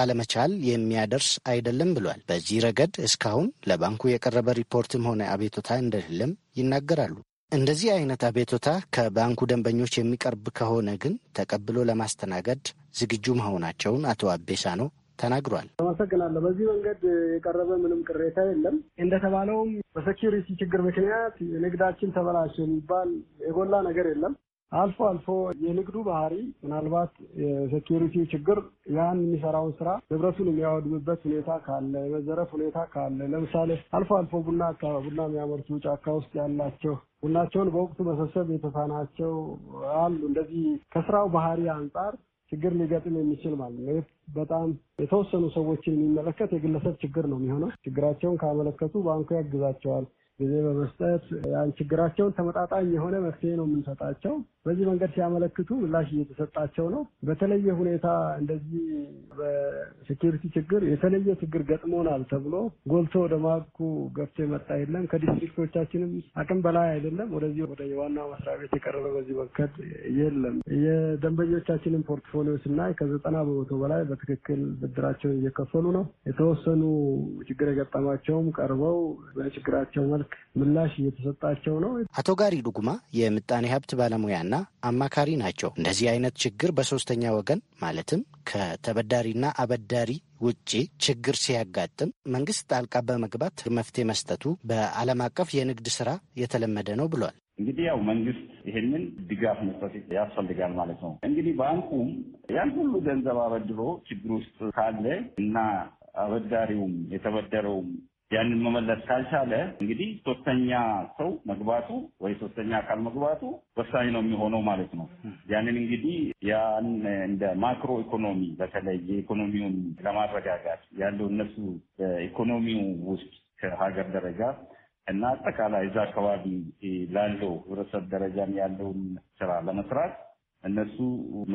አለመቻል የሚያደርስ አይደለም ብሏል። በዚህ ረገድ እስካሁን ለባንኩ የቀረበ ሪፖርትም ሆነ አቤቶታ እንደሌለም ይናገራሉ። እንደዚህ አይነት አቤቶታ ከባንኩ ደንበኞች የሚቀርብ ከሆነ ግን ተቀብሎ ለማስተናገድ ዝግጁ መሆናቸውን አቶ አቤሳኖ ተናግሯል። አመሰግናለሁ። በዚህ መንገድ የቀረበ ምንም ቅሬታ የለም። እንደተባለውም በሴኪሪቲ ችግር ምክንያት ንግዳችን ተበላሸ የሚባል የጎላ ነገር የለም። አልፎ አልፎ የንግዱ ባህሪ ምናልባት የሴኪሪቲ ችግር ያን የሚሰራውን ስራ ንብረቱን የሚያወድምበት ሁኔታ ካለ፣ የመዘረፍ ሁኔታ ካለ ለምሳሌ አልፎ አልፎ ቡና ቡና የሚያመርቱ ጫካ ውስጥ ያላቸው ቡናቸውን በወቅቱ መሰብሰብ የተሳናቸው አሉ። እንደዚህ ከስራው ባህሪ አንጻር ችግር ሊገጥም የሚችል ማለት ነው። በጣም የተወሰኑ ሰዎችን የሚመለከት የግለሰብ ችግር ነው የሚሆነው። ችግራቸውን ካመለከቱ ባንኩ ያግዛቸዋል። ጊዜ በመስጠት ችግራቸውን ተመጣጣኝ የሆነ መፍትሄ ነው የምንሰጣቸው። በዚህ መንገድ ሲያመለክቱ ምላሽ እየተሰጣቸው ነው። በተለየ ሁኔታ እንደዚህ በሴኪሪቲ ችግር የተለየ ችግር ገጥሞናል ተብሎ ጎልቶ ወደ ማኩ ገብቶ የመጣ የለም። ከዲስትሪክቶቻችንም አቅም በላይ አይደለም። ወደዚህ ወደ የዋና መስሪያ ቤት የቀረበ በዚህ መንገድ የለም። የደንበኞቻችንን ፖርትፎሊዮ ስናይ ከዘጠና በመቶ በላይ በትክክል ብድራቸውን እየከፈሉ ነው። የተወሰኑ ችግር የገጠማቸውም ቀርበው በችግራቸው መልክ ምላሽ እየተሰጣቸው ነው። አቶ ጋሪ ዱጉማ የምጣኔ ሀብት ባለሙያና አማካሪ ናቸው። እንደዚህ አይነት ችግር በሶስተኛ ወገን ማለትም ከተበዳሪና አበዳሪ ውጪ ችግር ሲያጋጥም መንግስት ጣልቃ በመግባት መፍትሄ መስጠቱ በዓለም አቀፍ የንግድ ስራ የተለመደ ነው ብሏል። እንግዲህ ያው መንግስት ይሄንን ድጋፍ መስጠት ያስፈልጋል ማለት ነው። እንግዲህ ባንኩም ያን ሁሉ ገንዘብ አበድሮ ችግር ውስጥ ካለ እና አበዳሪውም የተበደረውም ያንን መመለስ ካልቻለ እንግዲህ ሶስተኛ ሰው መግባቱ ወይ ሶስተኛ አካል መግባቱ ወሳኝ ነው የሚሆነው ማለት ነው። ያንን እንግዲህ ያን እንደ ማክሮ ኢኮኖሚ በተለይ የኢኮኖሚውን ለማረጋጋት ያለው እነሱ በኢኮኖሚው ውስጥ ከሀገር ደረጃ እና አጠቃላይ እዛ አካባቢ ላለው ህብረተሰብ ደረጃም ያለውን ስራ ለመስራት እነሱ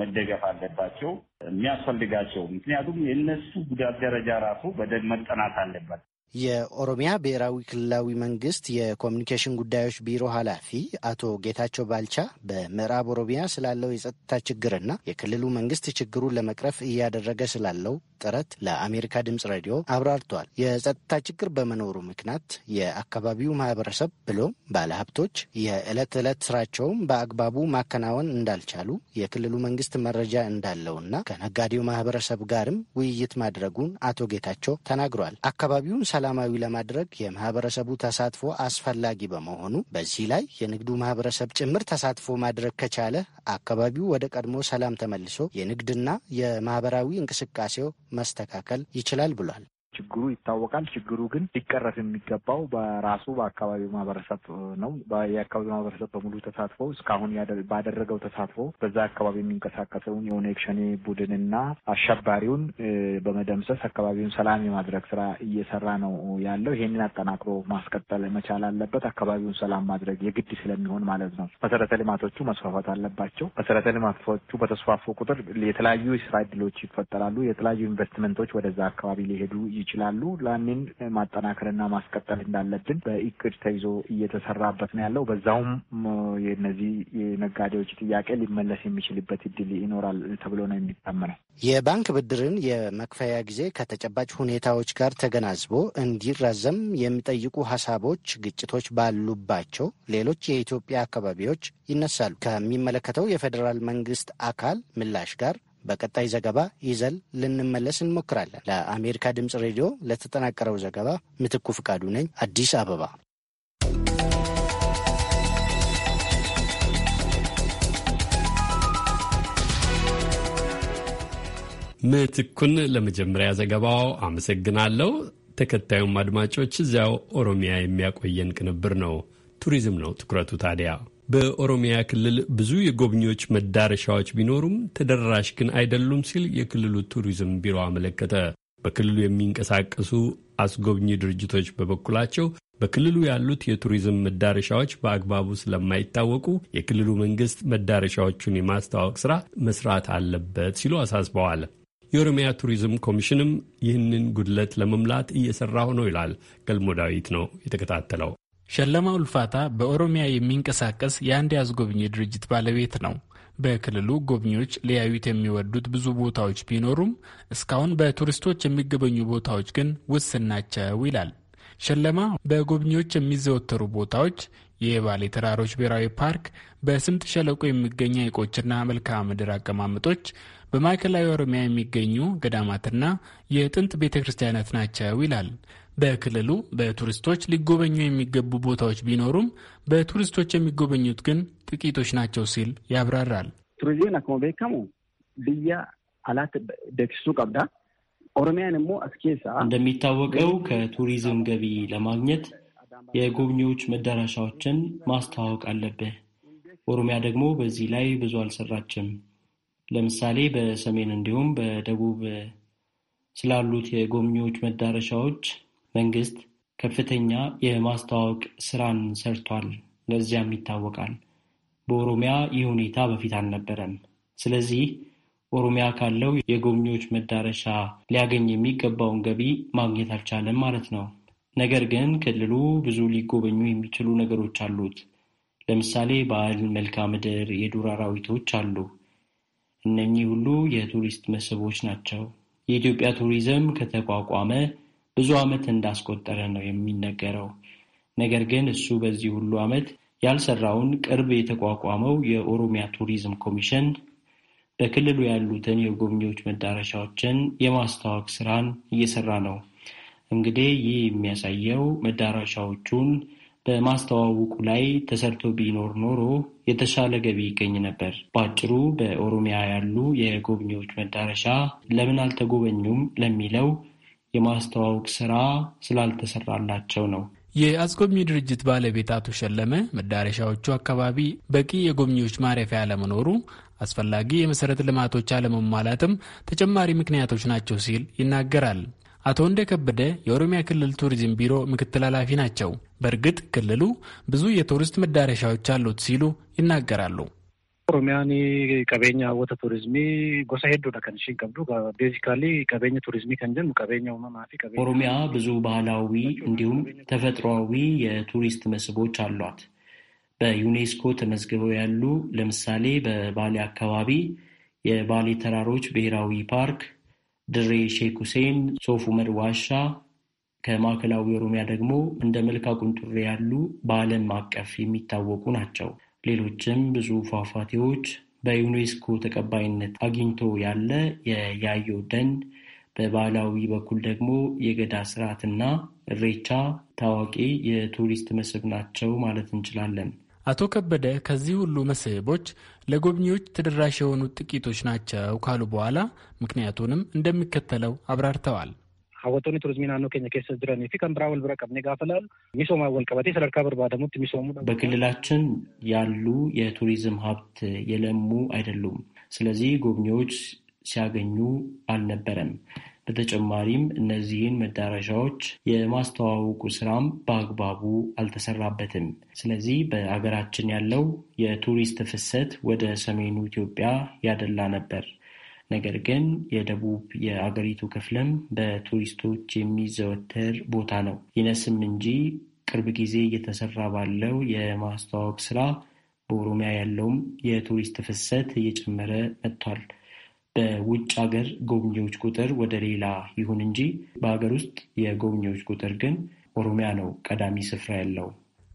መደገፍ አለባቸው የሚያስፈልጋቸው። ምክንያቱም የእነሱ ጉዳት ደረጃ ራሱ በደንብ መጠናት አለበት። የኦሮሚያ ብሔራዊ ክልላዊ መንግስት የኮሚኒኬሽን ጉዳዮች ቢሮ ኃላፊ አቶ ጌታቸው ባልቻ በምዕራብ ኦሮሚያ ስላለው የጸጥታ ችግርና የክልሉ መንግስት ችግሩን ለመቅረፍ እያደረገ ስላለው ጥረት ለአሜሪካ ድምጽ ሬዲዮ አብራርተዋል። የጸጥታ ችግር በመኖሩ ምክንያት የአካባቢው ማህበረሰብ ብሎም ባለሀብቶች የዕለት ዕለት ስራቸውን በአግባቡ ማከናወን እንዳልቻሉ የክልሉ መንግስት መረጃ እንዳለውና ከነጋዴው ማህበረሰብ ጋርም ውይይት ማድረጉን አቶ ጌታቸው ተናግሯል። አካባቢውን ሰላማዊ ለማድረግ የማህበረሰቡ ተሳትፎ አስፈላጊ በመሆኑ በዚህ ላይ የንግዱ ማህበረሰብ ጭምር ተሳትፎ ማድረግ ከቻለ አካባቢው ወደ ቀድሞ ሰላም ተመልሶ የንግድና የማህበራዊ እንቅስቃሴው መስተካከል ይችላል ብሏል። ችግሩ ይታወቃል። ችግሩ ግን ሊቀረፍ የሚገባው በራሱ በአካባቢው ማህበረሰብ ነው። የአካባቢው ማህበረሰብ በሙሉ ተሳትፎ እስካሁን ባደረገው ተሳትፎ በዛ አካባቢ የሚንቀሳቀሰውን የኦነግ ሸኔ ቡድንና አሸባሪውን በመደምሰስ አካባቢውን ሰላም የማድረግ ስራ እየሰራ ነው ያለው። ይሄንን አጠናክሮ ማስቀጠል መቻል አለበት። አካባቢውን ሰላም ማድረግ የግድ ስለሚሆን ማለት ነው። መሰረተ ልማቶቹ መስፋፋት አለባቸው። መሰረተ ልማቶቹ በተስፋፉ ቁጥር የተለያዩ የስራ እድሎች ይፈጠራሉ። የተለያዩ ኢንቨስትመንቶች ወደዛ አካባቢ ሊሄዱ ይችላሉ። ላንን ማጠናከርና ማስቀጠል እንዳለብን በእቅድ ተይዞ እየተሰራበት ነው ያለው። በዛውም የነዚህ የነጋዴዎች ጥያቄ ሊመለስ የሚችልበት እድል ይኖራል ተብሎ ነው የሚታመነው። የባንክ ብድርን የመክፈያ ጊዜ ከተጨባጭ ሁኔታዎች ጋር ተገናዝቦ እንዲራዘም የሚጠይቁ ሀሳቦች ግጭቶች ባሉባቸው ሌሎች የኢትዮጵያ አካባቢዎች ይነሳሉ። ከሚመለከተው የፌዴራል መንግስት አካል ምላሽ ጋር በቀጣይ ዘገባ ይዘል ልንመለስ እንሞክራለን። ለአሜሪካ ድምፅ ሬዲዮ ለተጠናቀረው ዘገባ ምትኩ ፍቃዱ ነኝ፣ አዲስ አበባ። ምትኩን ለመጀመሪያ ዘገባው አመሰግናለሁ። ተከታዩም አድማጮች እዚያው ኦሮሚያ የሚያቆየን ቅንብር ነው። ቱሪዝም ነው ትኩረቱ ታዲያ በኦሮሚያ ክልል ብዙ የጎብኚዎች መዳረሻዎች ቢኖሩም ተደራሽ ግን አይደሉም ሲል የክልሉ ቱሪዝም ቢሮ አመለከተ። በክልሉ የሚንቀሳቀሱ አስጎብኚ ድርጅቶች በበኩላቸው በክልሉ ያሉት የቱሪዝም መዳረሻዎች በአግባቡ ስለማይታወቁ የክልሉ መንግስት መዳረሻዎቹን የማስተዋወቅ ስራ መስራት አለበት ሲሉ አሳስበዋል። የኦሮሚያ ቱሪዝም ኮሚሽንም ይህንን ጉድለት ለመምላት እየሰራሁ ነው ይላል። ገልሞ ዳዊት ነው የተከታተለው። ሸለማ ኡልፋታ በኦሮሚያ የሚንቀሳቀስ የአንድ አስጎብኚ ድርጅት ባለቤት ነው። በክልሉ ጎብኚዎች ሊያዩት የሚወዱት ብዙ ቦታዎች ቢኖሩም እስካሁን በቱሪስቶች የሚገበኙ ቦታዎች ግን ውስን ናቸው ይላል። ሸለማ በጎብኚዎች የሚዘወተሩ ቦታዎች የባሌ ተራሮች ብሔራዊ ፓርክ፣ በስምጥ ሸለቆ የሚገኙ ሐይቆችና መልክዓ ምድር አቀማመጦች፣ በማዕከላዊ ኦሮሚያ የሚገኙ ገዳማትና የጥንት ቤተ ክርስቲያናት ናቸው ይላል። በክልሉ በቱሪስቶች ሊጎበኙ የሚገቡ ቦታዎች ቢኖሩም በቱሪስቶች የሚጎበኙት ግን ጥቂቶች ናቸው ሲል ያብራራል። ቱሪዝምን አኩመ ብያ አላት ደክሱ ቀብዳ ኦሮሚያን ሞ አስኬሳ እንደሚታወቀው ከቱሪዝም ገቢ ለማግኘት የጎብኚዎች መዳረሻዎችን ማስተዋወቅ አለብህ። ኦሮሚያ ደግሞ በዚህ ላይ ብዙ አልሰራችም። ለምሳሌ በሰሜን እንዲሁም በደቡብ ስላሉት የጎብኚዎች መዳረሻዎች መንግስት ከፍተኛ የማስተዋወቅ ስራን ሰርቷል። ለዚያም ይታወቃል። በኦሮሚያ ይህ ሁኔታ በፊት አልነበረም። ስለዚህ ኦሮሚያ ካለው የጎብኚዎች መዳረሻ ሊያገኝ የሚገባውን ገቢ ማግኘት አልቻለም ማለት ነው። ነገር ግን ክልሉ ብዙ ሊጎበኙ የሚችሉ ነገሮች አሉት። ለምሳሌ ባህል፣ መልክዓ ምድር፣ የዱር አራዊቶች አሉ። እነኚህ ሁሉ የቱሪስት መስህቦች ናቸው። የኢትዮጵያ ቱሪዝም ከተቋቋመ ብዙ ዓመት እንዳስቆጠረ ነው የሚነገረው። ነገር ግን እሱ በዚህ ሁሉ ዓመት ያልሰራውን ቅርብ የተቋቋመው የኦሮሚያ ቱሪዝም ኮሚሽን በክልሉ ያሉትን የጎብኚዎች መዳረሻዎችን የማስተዋወቅ ስራን እየሰራ ነው። እንግዲህ ይህ የሚያሳየው መዳረሻዎቹን በማስተዋወቁ ላይ ተሰርቶ ቢኖር ኖሮ የተሻለ ገቢ ይገኝ ነበር። በአጭሩ በኦሮሚያ ያሉ የጎብኚዎች መዳረሻ ለምን አልተጎበኙም ለሚለው የማስተዋወቅ ስራ ስላልተሰራላቸው ነው። የአስጎብኚ ድርጅት ባለቤት አቶ ሸለመ መዳረሻዎቹ አካባቢ በቂ የጎብኚዎች ማረፊያ አለመኖሩ፣ አስፈላጊ የመሰረተ ልማቶች አለመሟላትም ተጨማሪ ምክንያቶች ናቸው ሲል ይናገራል። አቶ ወንደ ከበደ የኦሮሚያ ክልል ቱሪዝም ቢሮ ምክትል ኃላፊ ናቸው። በእርግጥ ክልሉ ብዙ የቱሪስት መዳረሻዎች አሉት ሲሉ ይናገራሉ። Oromiyaan qabeenya hawwata turizimii gosa hedduudha kan isheen qabdu. Beezikaalii qabeenya turizimii kan jennu qabeenya uumamaa fi qabeenya Oromiyaa ብዙ ባህላዊ እንዲሁም ተፈጥሯዊ የቱሪስት መስህቦች አሏት። በዩኔስኮ ተመዝግበው ያሉ ለምሳሌ በባሌ አካባቢ የባሌ ተራሮች ብሔራዊ ፓርክ፣ ድሬ ሼክ ሁሴን፣ ሶፍ ዑመር ዋሻ ከማዕከላዊ ኦሮሚያ ደግሞ እንደ መልካ ቁንጡሬ ያሉ በዓለም አቀፍ የሚታወቁ ናቸው። ሌሎችም ብዙ ፏፏቴዎች በዩኔስኮ ተቀባይነት አግኝቶ ያለ የያዮ ደን በባህላዊ በኩል ደግሞ የገዳ ስርዓትና እሬቻ ታዋቂ የቱሪስት መስህብ ናቸው ማለት እንችላለን። አቶ ከበደ ከዚህ ሁሉ መስህቦች ለጎብኚዎች ተደራሽ የሆኑት ጥቂቶች ናቸው ካሉ በኋላ ምክንያቱንም እንደሚከተለው አብራርተዋል። hawwattoonni turizimii naannoo keenya keessa jiranii fi kan biraa wal bira qabnee gaafa ilaallu misoomaan wal qabatee sadarkaa barbaadamutti misoomuu በክልላችን ያሉ የቱሪዝም ሀብት የለሙ አይደሉም። ስለዚህ ጎብኚዎች ሲያገኙ አልነበረም። በተጨማሪም እነዚህን መዳረሻዎች የማስተዋወቁ ስራም በአግባቡ አልተሰራበትም። ስለዚህ በሀገራችን ያለው የቱሪስት ፍሰት ወደ ሰሜኑ ኢትዮጵያ ያደላ ነበር። ነገር ግን የደቡብ የአገሪቱ ክፍልም በቱሪስቶች የሚዘወተር ቦታ ነው። ይነስም እንጂ ቅርብ ጊዜ እየተሰራ ባለው የማስተዋወቅ ስራ በኦሮሚያ ያለውም የቱሪስት ፍሰት እየጨመረ መጥቷል። በውጭ ሀገር ጎብኚዎች ቁጥር ወደ ሌላ ይሁን እንጂ በሀገር ውስጥ የጎብኚዎች ቁጥር ግን ኦሮሚያ ነው ቀዳሚ ስፍራ ያለው።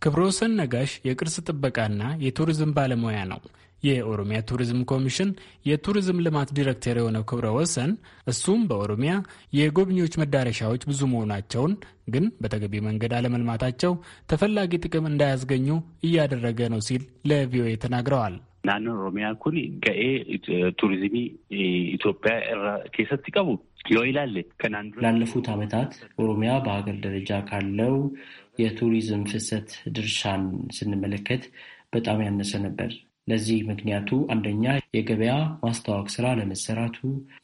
ክብሮሰን ነጋሽ የቅርስ ጥበቃና የቱሪዝም ባለሙያ ነው። የኦሮሚያ ቱሪዝም ኮሚሽን የቱሪዝም ልማት ዲሬክተር የሆነው ክብረ ወሰን እሱም በኦሮሚያ የጎብኚዎች መዳረሻዎች ብዙ መሆናቸውን ግን በተገቢ መንገድ አለመልማታቸው ተፈላጊ ጥቅም እንዳያስገኙ እያደረገ ነው ሲል ለቪኦኤ ተናግረዋል። ናንን ኦሮሚያ ኩን ገኤ ቱሪዝሚ ኢትዮጵያ ኬሰት ቀቡ ላለፉት ዓመታት ኦሮሚያ በሀገር ደረጃ ካለው የቱሪዝም ፍሰት ድርሻን ስንመለከት በጣም ያነሰ ነበር። ለዚህ ምክንያቱ አንደኛ የገበያ ማስተዋወቅ ስራ ለመሰራቱ፣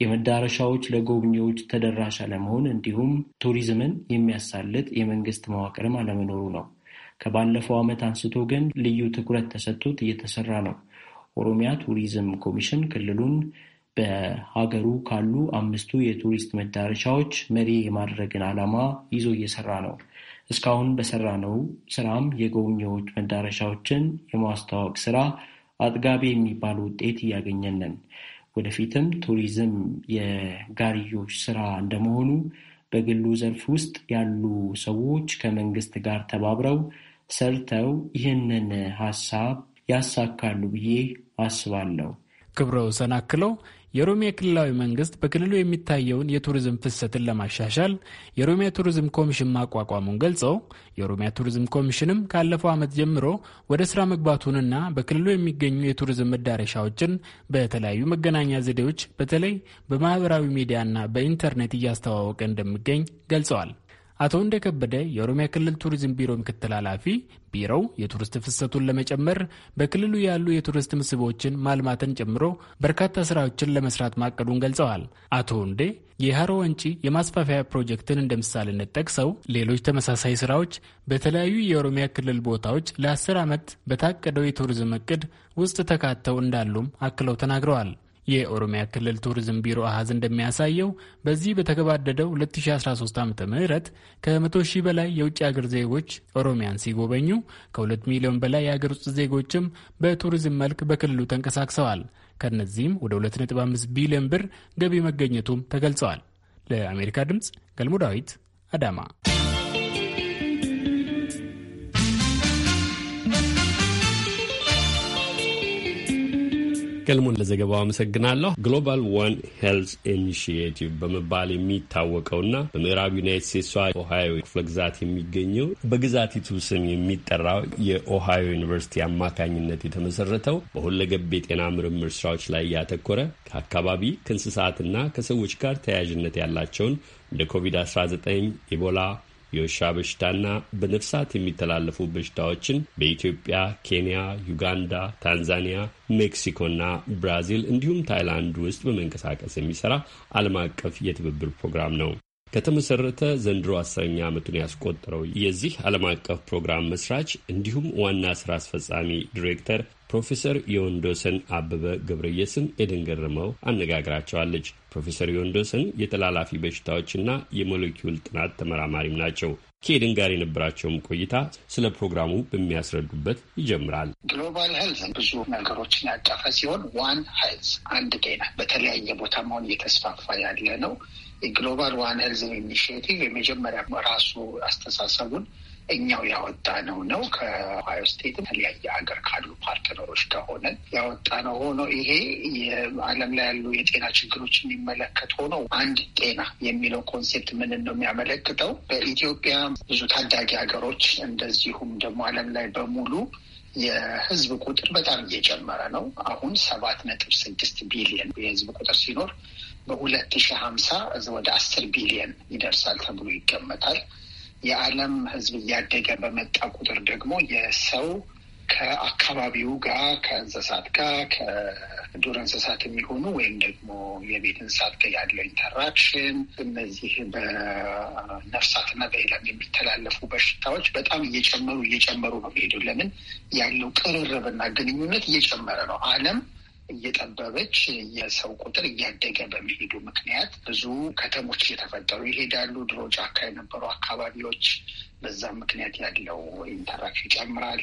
የመዳረሻዎች ለጎብኚዎች ተደራሽ አለመሆን እንዲሁም ቱሪዝምን የሚያሳልጥ የመንግስት መዋቅርም አለመኖሩ ነው። ከባለፈው ዓመት አንስቶ ግን ልዩ ትኩረት ተሰጥቶት እየተሰራ ነው። ኦሮሚያ ቱሪዝም ኮሚሽን ክልሉን በሀገሩ ካሉ አምስቱ የቱሪስት መዳረሻዎች መሪ የማድረግን ዓላማ ይዞ እየሰራ ነው። እስካሁን በሰራ ነው ስራም የጎብኚዎች መዳረሻዎችን የማስተዋወቅ ስራ አጥጋቢ የሚባል ውጤት እያገኘን ነን። ወደፊትም ቱሪዝም የጋርዮች ስራ እንደመሆኑ በግሉ ዘርፍ ውስጥ ያሉ ሰዎች ከመንግስት ጋር ተባብረው ሰርተው ይህንን ሀሳብ ያሳካሉ ብዬ አስባለሁ። ክብረ ወሰን አክለው የኦሮሚያ ክልላዊ መንግስት በክልሉ የሚታየውን የቱሪዝም ፍሰትን ለማሻሻል የኦሮሚያ ቱሪዝም ኮሚሽን ማቋቋሙን ገልጸው የኦሮሚያ ቱሪዝም ኮሚሽንም ካለፈው ዓመት ጀምሮ ወደ ስራ መግባቱንና በክልሉ የሚገኙ የቱሪዝም መዳረሻዎችን በተለያዩ መገናኛ ዘዴዎች በተለይ በማህበራዊ ሚዲያና በኢንተርኔት እያስተዋወቀ እንደሚገኝ ገልጸዋል። አቶ እንደ ከበደ የኦሮሚያ ክልል ቱሪዝም ቢሮ ምክትል ኃላፊ ቢሮው የቱሪስት ፍሰቱን ለመጨመር በክልሉ ያሉ የቱሪስት መስህቦችን ማልማትን ጨምሮ በርካታ ስራዎችን ለመስራት ማቀዱን ገልጸዋል። አቶ እንዴ የሃሮ ወንጪ የማስፋፊያ ፕሮጀክትን እንደ ምሳሌነት ጠቅሰው ሌሎች ተመሳሳይ ስራዎች በተለያዩ የኦሮሚያ ክልል ቦታዎች ለአስር ዓመት በታቀደው የቱሪዝም እቅድ ውስጥ ተካተው እንዳሉም አክለው ተናግረዋል። የኦሮሚያ ክልል ቱሪዝም ቢሮ አሃዝ እንደሚያሳየው በዚህ በተገባደደው 2013 ዓ ም ከ100 ሺህ በላይ የውጭ አገር ዜጎች ኦሮሚያን ሲጎበኙ ከ2 ሚሊዮን በላይ የአገር ውስጥ ዜጎችም በቱሪዝም መልክ በክልሉ ተንቀሳቅሰዋል። ከእነዚህም ወደ 2.5 ቢሊዮን ብር ገቢ መገኘቱም ተገልጸዋል። ለአሜሪካ ድምፅ ገልሞ ዳዊት አዳማ ገልሞን ለዘገባው አመሰግናለሁ። ግሎባል ዋን ሄልዝ ኢኒሽቲቭ በመባል የሚታወቀውና በምዕራብ ዩናይት ስቴትስ ኦሃዮ ክፍለ ግዛት የሚገኘው በግዛቲቱ ስም የሚጠራው የኦሃዮ ዩኒቨርሲቲ አማካኝነት የተመሰረተው በሁለገብ የጤና ምርምር ስራዎች ላይ ያተኮረ ከአካባቢ ከእንስሳትና ከሰዎች ጋር ተያያዥነት ያላቸውን እንደ ኮቪድ-19፣ ኢቦላ የውሻ በሽታና በነፍሳት የሚተላለፉ በሽታዎችን በኢትዮጵያ፣ ኬንያ፣ ዩጋንዳ፣ ታንዛኒያ፣ ሜክሲኮና ብራዚል እንዲሁም ታይላንድ ውስጥ በመንቀሳቀስ የሚሰራ ዓለም አቀፍ የትብብር ፕሮግራም ነው። ከተመሰረተ ዘንድሮ አስረኛ ዓመቱን ያስቆጠረው የዚህ ዓለም አቀፍ ፕሮግራም መስራች እንዲሁም ዋና ስራ አስፈጻሚ ዲሬክተር ፕሮፌሰር የወንዶሰን አበበ ገብረየስን ኤደን ገረመው አነጋግራቸዋለች። ፕሮፌሰር ዮንዶስን የተላላፊ በሽታዎችና የሞለኪውል ጥናት ተመራማሪም ናቸው። ኬድን ጋር የነበራቸውም ቆይታ ስለ ፕሮግራሙ በሚያስረዱበት ይጀምራል። ግሎባል ሄልዝ ብዙ ነገሮችን ያቀፈ ሲሆን ዋን ሄልዝ አንድ ጤና በተለያየ ቦታ መሆን እየተስፋፋ ያለ ነው። የግሎባል ዋን ሄልዝ ኢኒሽቲቭ የመጀመሪያ ራሱ አስተሳሰቡን እኛው ያወጣ ነው። ነው ከኦሃዮ ስቴት የተለያየ ሀገር ካሉ ፓርትነሮች ከሆነ ያወጣ ነው ሆኖ ይሄ የዓለም ላይ ያሉ የጤና ችግሮች የሚመለከት ሆኖ አንድ ጤና የሚለው ኮንሴፕት ምንን ነው የሚያመለክተው? በኢትዮጵያ ብዙ ታዳጊ ሀገሮች እንደዚሁም ደግሞ ዓለም ላይ በሙሉ የህዝብ ቁጥር በጣም እየጨመረ ነው። አሁን ሰባት ነጥብ ስድስት ቢሊየን የህዝብ ቁጥር ሲኖር በሁለት ሺህ ሀምሳ ወደ አስር ቢሊየን ይደርሳል ተብሎ ይገመታል። የዓለም ሕዝብ እያደገ በመጣ ቁጥር ደግሞ የሰው ከአካባቢው ጋር ከእንስሳት ጋር ከዱር እንስሳት የሚሆኑ ወይም ደግሞ የቤት እንስሳት ጋር ያለው ኢንተራክሽን እነዚህ በነፍሳትና በሌላም የሚተላለፉ በሽታዎች በጣም እየጨመሩ እየጨመሩ ነው የሚሄደው። ለምን ያለው ቅርርብና ግንኙነት እየጨመረ ነው። ዓለም እየጠበበች የሰው ቁጥር እያደገ በመሄዱ ምክንያት ብዙ ከተሞች እየተፈጠሩ ይሄዳሉ። ድሮ ጫካ የነበሩ አካባቢዎች በዛም ምክንያት ያለው ኢንተራክሽን ይጨምራል።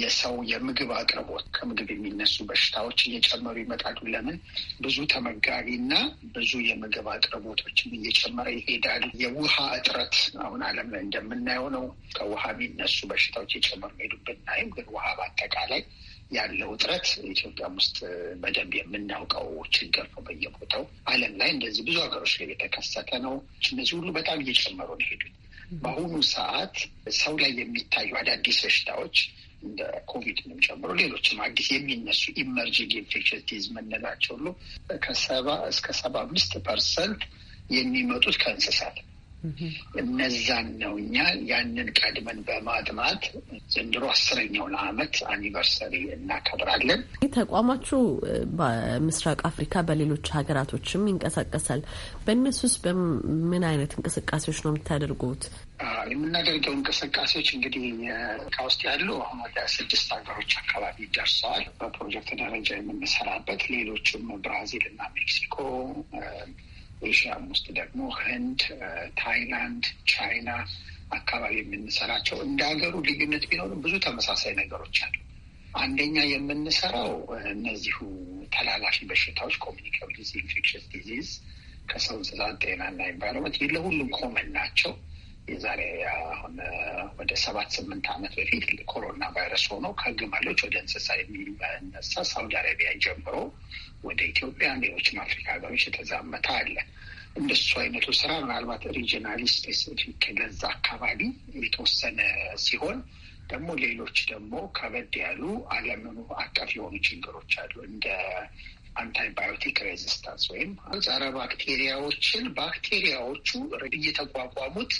የሰው የምግብ አቅርቦት ከምግብ የሚነሱ በሽታዎች እየጨመሩ ይመጣሉ። ለምን ብዙ ተመጋቢ እና ብዙ የምግብ አቅርቦቶችም እየጨመረ ይሄዳል። የውሃ እጥረት አሁን ዓለም ላይ እንደምናየው ነው። ከውሃ የሚነሱ በሽታዎች እየጨመሩ ሄዱ ብናይም ግን ውሃ በአጠቃላይ ያለው እጥረት ኢትዮጵያ ውስጥ በደንብ የምናውቀው ችግር ነው። በየቦታው ዓለም ላይ እንደዚህ ብዙ ሀገሮች ላይ የተከሰተ ነው። እነዚህ ሁሉ በጣም እየጨመሩ ነው ሄዱት። በአሁኑ ሰዓት ሰው ላይ የሚታዩ አዳዲስ በሽታዎች እንደ ኮቪድንም ጨምሮ ሌሎችም አዲስ የሚነሱ ኢመርጂንግ ኢንፌክሽን ዲዝ የምንላቸው ሁሉ ከሰባ እስከ ሰባ አምስት ፐርሰንት የሚመጡት ከእንስሳት እነዛን ነው እኛ ያንን ቀድመን በማጥናት ዘንድሮ አስረኛውን ዓመት አኒቨርሰሪ እናከብራለን። ይህ ተቋማችሁ በምስራቅ አፍሪካ በሌሎች ሀገራቶችም ይንቀሳቀሳል። ውስጥ በምን አይነት እንቅስቃሴዎች ነው የምታደርጉት? የምናደርገው እንቅስቃሴዎች እንግዲህ ካ ውስጥ ያሉ አሁን ወደ ስድስት ሀገሮች አካባቢ ደርሰዋል። በፕሮጀክት ደረጃ የምንሰራበት ሌሎችም ብራዚል እና ሜክሲኮ ኤሽያም ውስጥ ደግሞ ህንድ፣ ታይላንድ፣ ቻይና አካባቢ የምንሰራቸው እንደ ሀገሩ ልዩነት ቢኖሩ ብዙ ተመሳሳይ ነገሮች አሉ። አንደኛ የምንሰራው እነዚሁ ተላላፊ በሽታዎች ኮሚኒካብል ዲዚዝ፣ ኢንፌክሽስ ዲዚዝ ከሰው እንስሳት ጤና እና ኤንቫይሮመንት ለሁሉም ኮመን ናቸው። የዛሬ አሁን ወደ ሰባት ስምንት ዓመት በፊት ኮሮና ቫይረስ ሆኖ ከግመሎች ወደ እንስሳ የሚነሳ ሳውዲ አረቢያ ጀምሮ ወደ ኢትዮጵያ፣ ሌሎችም አፍሪካ ሀገሮች የተዛመተ አለ። እንደሱ አይነቱ ስራ ምናልባት ሪጂናሊ ስፔሲፊክ ለዛ አካባቢ የተወሰነ ሲሆን ደግሞ ሌሎች ደግሞ ከበድ ያሉ ዓለምኑ አቀፍ የሆኑ ችግሮች አሉ እንደ አንታይባዮቲክ ሬዚስታንስ ወይም ጸረ ባክቴሪያዎችን ባክቴሪያዎቹ እየተቋቋሙት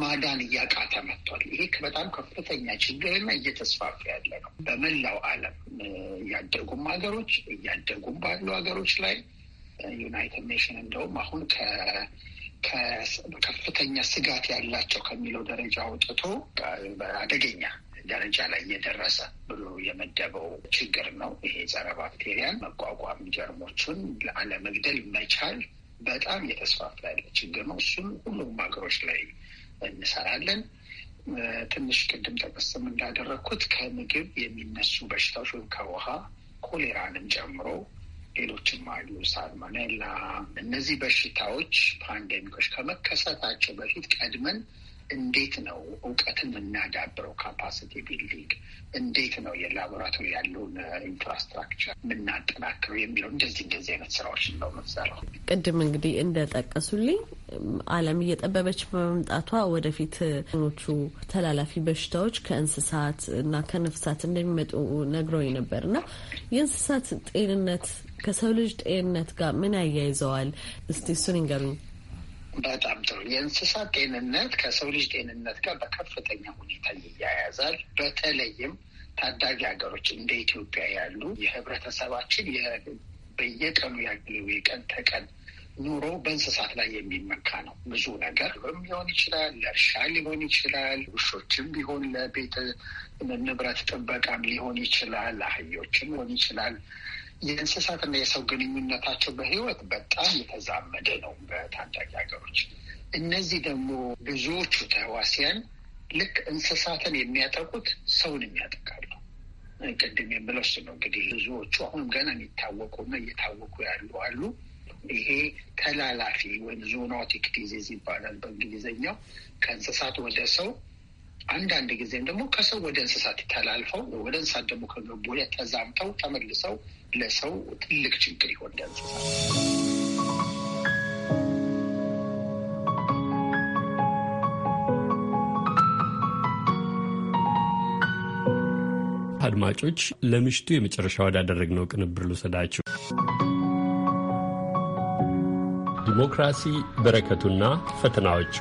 ማዳን እያቃተ መጥቷል። ይሄ በጣም ከፍተኛ ችግርና እየተስፋፋ ያለ ነው። በመላው ዓለም እያደጉም ሀገሮች እያደጉም ባሉ ሀገሮች ላይ ዩናይትድ ኔሽን እንደውም አሁን ከፍተኛ ስጋት ያላቸው ከሚለው ደረጃ አውጥቶ በአደገኛ ደረጃ ላይ እየደረሰ ብሎ የመደበው ችግር ነው። ይሄ ጸረ ባክቴሪያን መቋቋም ጀርሞቹን ለአለመግደል መቻል በጣም እየተስፋፋ ያለ ችግር ነው። እሱም ሁሉም ሀገሮች ላይ እንሰራለን። ትንሽ ቅድም ጠቀስም እንዳደረግኩት ከምግብ የሚነሱ በሽታዎች ወይም ከውሃ ኮሌራንም ጨምሮ ሌሎችም አሉ፣ ሳልሞኔላ። እነዚህ በሽታዎች ፓንዴሚኮች ከመከሰታቸው በፊት ቀድመን እንዴት ነው እውቀትን የምናዳብረው? ካፓሲቲ ቢልዲንግ እንዴት ነው የላቦራቶሪ ያለውን ኢንፍራስትራክቸር የምናጠናክረው የሚለው እንደዚህ እንደዚህ አይነት ስራዎች ነው መሰራው። ቅድም እንግዲህ እንደጠቀሱልኝ ዓለም እየጠበበች በመምጣቷ ወደፊት ኖቹ ተላላፊ በሽታዎች ከእንስሳት እና ከነፍሳት እንደሚመጡ ነግረው ነበር እና የእንስሳት ጤንነት ከሰው ልጅ ጤንነት ጋር ምን ያያይዘዋል? እስቲ እሱን ይንገሩኝ። በጣም ጥሩ። የእንስሳ ጤንነት ከሰው ልጅ ጤንነት ጋር በከፍተኛ ሁኔታ ይያያዛል። በተለይም ታዳጊ ሀገሮች እንደ ኢትዮጵያ ያሉ የህብረተሰባችን በየቀኑ ያለው የቀን ተቀን ኑሮ በእንስሳት ላይ የሚመካ ነው። ብዙ ነገር ሊሆን ይችላል፣ ለእርሻ ሊሆን ይችላል፣ ውሾችም ቢሆን ለቤት ንብረት ጥበቃም ሊሆን ይችላል፣ አህዮችም ሊሆን ይችላል። የእንስሳትና የሰው ግንኙነታቸው በህይወት በጣም የተዛመደ ነው በታዳጊ ሀገሮች። እነዚህ ደግሞ ብዙዎቹ ተህዋሲያን ልክ እንስሳትን የሚያጠቁት ሰውን የሚያጠቃሉ። ቅድም የምለው እሱ ነው። እንግዲህ ብዙዎቹ አሁን ገና የሚታወቁና እየታወቁ ያሉ አሉ። ይሄ ተላላፊ ወይም ዞኖቲክ ዲዚዝ ይባላል በእንግሊዝኛው። ከእንስሳት ወደ ሰው አንዳንድ ጊዜም ደግሞ ከሰው ወደ እንስሳት ተላልፈው ወደ እንስሳት ደግሞ ከገቡ ተዛምተው ተመልሰው ለሰው ትልቅ ችግር ይሆን ለእንስሳት። አድማጮች ለምሽቱ የመጨረሻ ወዳደረግነው ቅንብር ልውሰዳችሁ። ዲሞክራሲ በረከቱና ፈተናዎቹ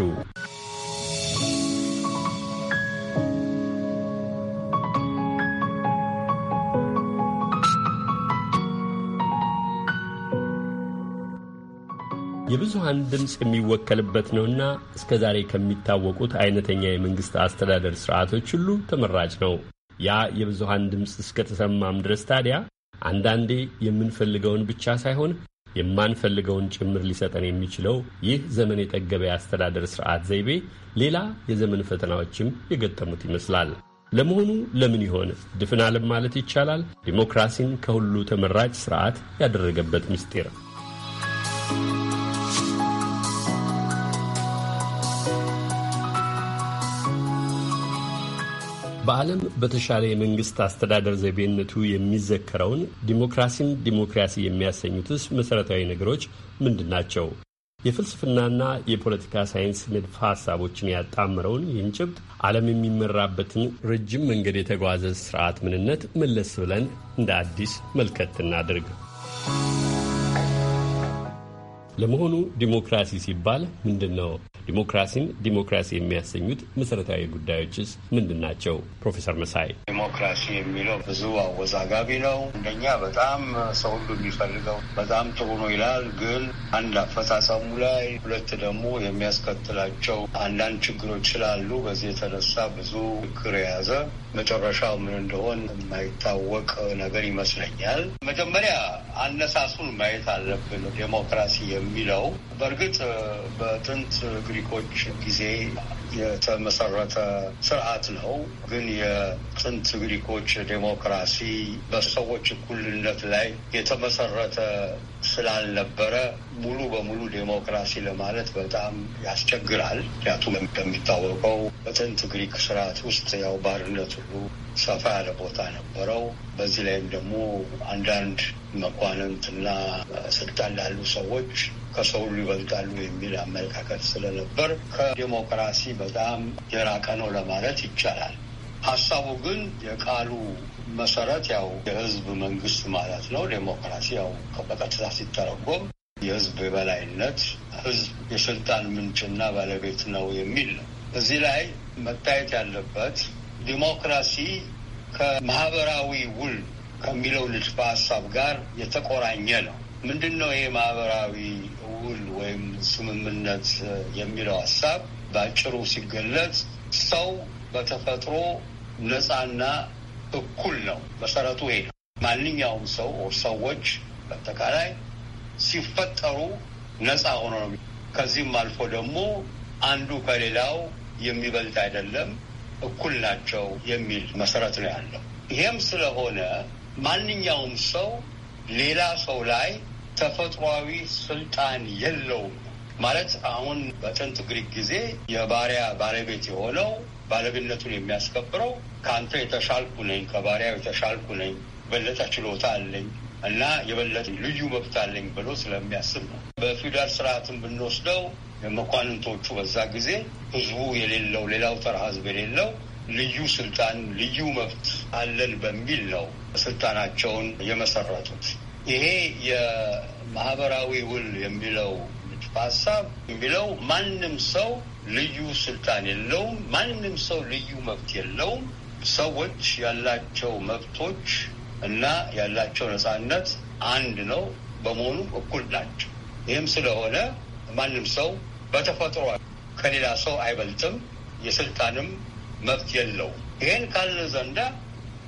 የብዙሀን ድምፅ የሚወከልበት ነውና እስከ ዛሬ ከሚታወቁት አይነተኛ የመንግስት አስተዳደር ስርዓቶች ሁሉ ተመራጭ ነው። ያ የብዙሀን ድምፅ እስከተሰማም ድረስ ታዲያ አንዳንዴ የምንፈልገውን ብቻ ሳይሆን የማንፈልገውን ጭምር ሊሰጠን የሚችለው ይህ ዘመን የጠገበ የአስተዳደር ስርዓት ዘይቤ ሌላ የዘመን ፈተናዎችም የገጠሙት ይመስላል። ለመሆኑ ለምን ይሆን ድፍን ዓለም ማለት ይቻላል ዲሞክራሲን ከሁሉ ተመራጭ ስርዓት ያደረገበት ምስጢር? በዓለም በተሻለ የመንግስት አስተዳደር ዘይቤነቱ የሚዘከረውን ዲሞክራሲን ዲሞክራሲ የሚያሰኙትስ መሠረታዊ ነገሮች ምንድን ናቸው? የፍልስፍናና የፖለቲካ ሳይንስ ንድፈ ሀሳቦችን ያጣምረውን ይህን ጭብጥ ዓለም የሚመራበትን ረጅም መንገድ የተጓዘ ስርዓት ምንነት መለስ ብለን እንደ አዲስ መልከት እናድርግ። ለመሆኑ ዲሞክራሲ ሲባል ምንድን ነው? ዲሞክራሲን ዲሞክራሲ የሚያሰኙት መሰረታዊ ጉዳዮችስ ምንድን ናቸው? ፕሮፌሰር መሳይ ዲሞክራሲ የሚለው ብዙ አወዛጋቢ ነው። አንደኛ በጣም ሰው ሁሉ የሚፈልገው በጣም ጥሩ ነው ይላል፣ ግን አንድ አፈጻጸሙ ላይ፣ ሁለት ደግሞ የሚያስከትላቸው አንዳንድ ችግሮች ስላሉ በዚህ የተነሳ ብዙ ምክር የያዘ መጨረሻው ምን እንደሆን የማይታወቅ ነገር ይመስለኛል። መጀመሪያ አነሳሱን ማየት አለብን። ዲሞክራሲ የሚለው በእርግጥ በጥንት በግሪኮች ጊዜ የተመሰረተ ስርዓት ነው። ግን የጥንት ግሪኮች ዴሞክራሲ በሰዎች እኩልነት ላይ የተመሰረተ ስላልነበረ ሙሉ በሙሉ ዴሞክራሲ ለማለት በጣም ያስቸግራል። ምክንያቱም እንደሚታወቀው በጥንት ግሪክ ስርዓት ውስጥ ያው ባርነት ሁሉ ሰፋ ያለ ቦታ ነበረው። በዚህ ላይም ደግሞ አንዳንድ መኳንንትና ስልጣን ላሉ ሰዎች ከሰው ሁሉ ይበልጣሉ የሚል አመለካከት ስለነበር ከዴሞክራሲ በጣም የራቀ ነው ለማለት ይቻላል። ሀሳቡ ግን የቃሉ መሰረት ያው የህዝብ መንግስት ማለት ነው። ዴሞክራሲ ያው በቀጥታ ሲተረጎም የህዝብ የበላይነት፣ ህዝብ የስልጣን ምንጭና ባለቤት ነው የሚል ነው። እዚህ ላይ መታየት ያለበት ዲሞክራሲ ከማህበራዊ ውል ከሚለው ንድፈ ሀሳብ ጋር የተቆራኘ ነው። ምንድን ነው ይሄ ማህበራዊ ውል ወይም ስምምነት የሚለው ሀሳብ በአጭሩ ሲገለጽ ሰው በተፈጥሮ ነፃና እኩል ነው። መሰረቱ ይሄ ነው። ማንኛውም ሰው ሰዎች በአጠቃላይ ሲፈጠሩ ነፃ ሆኖ ነው። ከዚህም አልፎ ደግሞ አንዱ ከሌላው የሚበልጥ አይደለም፣ እኩል ናቸው የሚል መሰረት ነው ያለው። ይሄም ስለሆነ ማንኛውም ሰው ሌላ ሰው ላይ ተፈጥሯዊ ስልጣን የለውም ማለት አሁን በጥንት ግሪክ ጊዜ የባሪያ ባለቤት የሆነው ባለቤትነቱን የሚያስከብረው ከአንተ የተሻልኩ ነኝ፣ ከባሪያው የተሻልኩ ነኝ፣ የበለጠ ችሎታ አለኝ እና የበለጠ ልዩ መብት አለኝ ብሎ ስለሚያስብ ነው። በፊውዳል ስርዓትን ብንወስደው የመኳንንቶቹ በዛ ጊዜ ህዝቡ የሌለው ሌላው ተራ ህዝብ የሌለው ልዩ ስልጣን ልዩ መብት አለን በሚል ነው ስልጣናቸውን የመሰረቱት። ይሄ የማህበራዊ ውል የሚለው ንድፈ ሀሳብ የሚለው ማንም ሰው ልዩ ስልጣን የለውም፣ ማንም ሰው ልዩ መብት የለውም። ሰዎች ያላቸው መብቶች እና ያላቸው ነፃነት አንድ ነው፣ በመሆኑ እኩል ናቸው። ይህም ስለሆነ ማንም ሰው በተፈጥሮ ከሌላ ሰው አይበልጥም፣ የስልጣንም መብት የለውም። ይህን ካለ ዘንዳ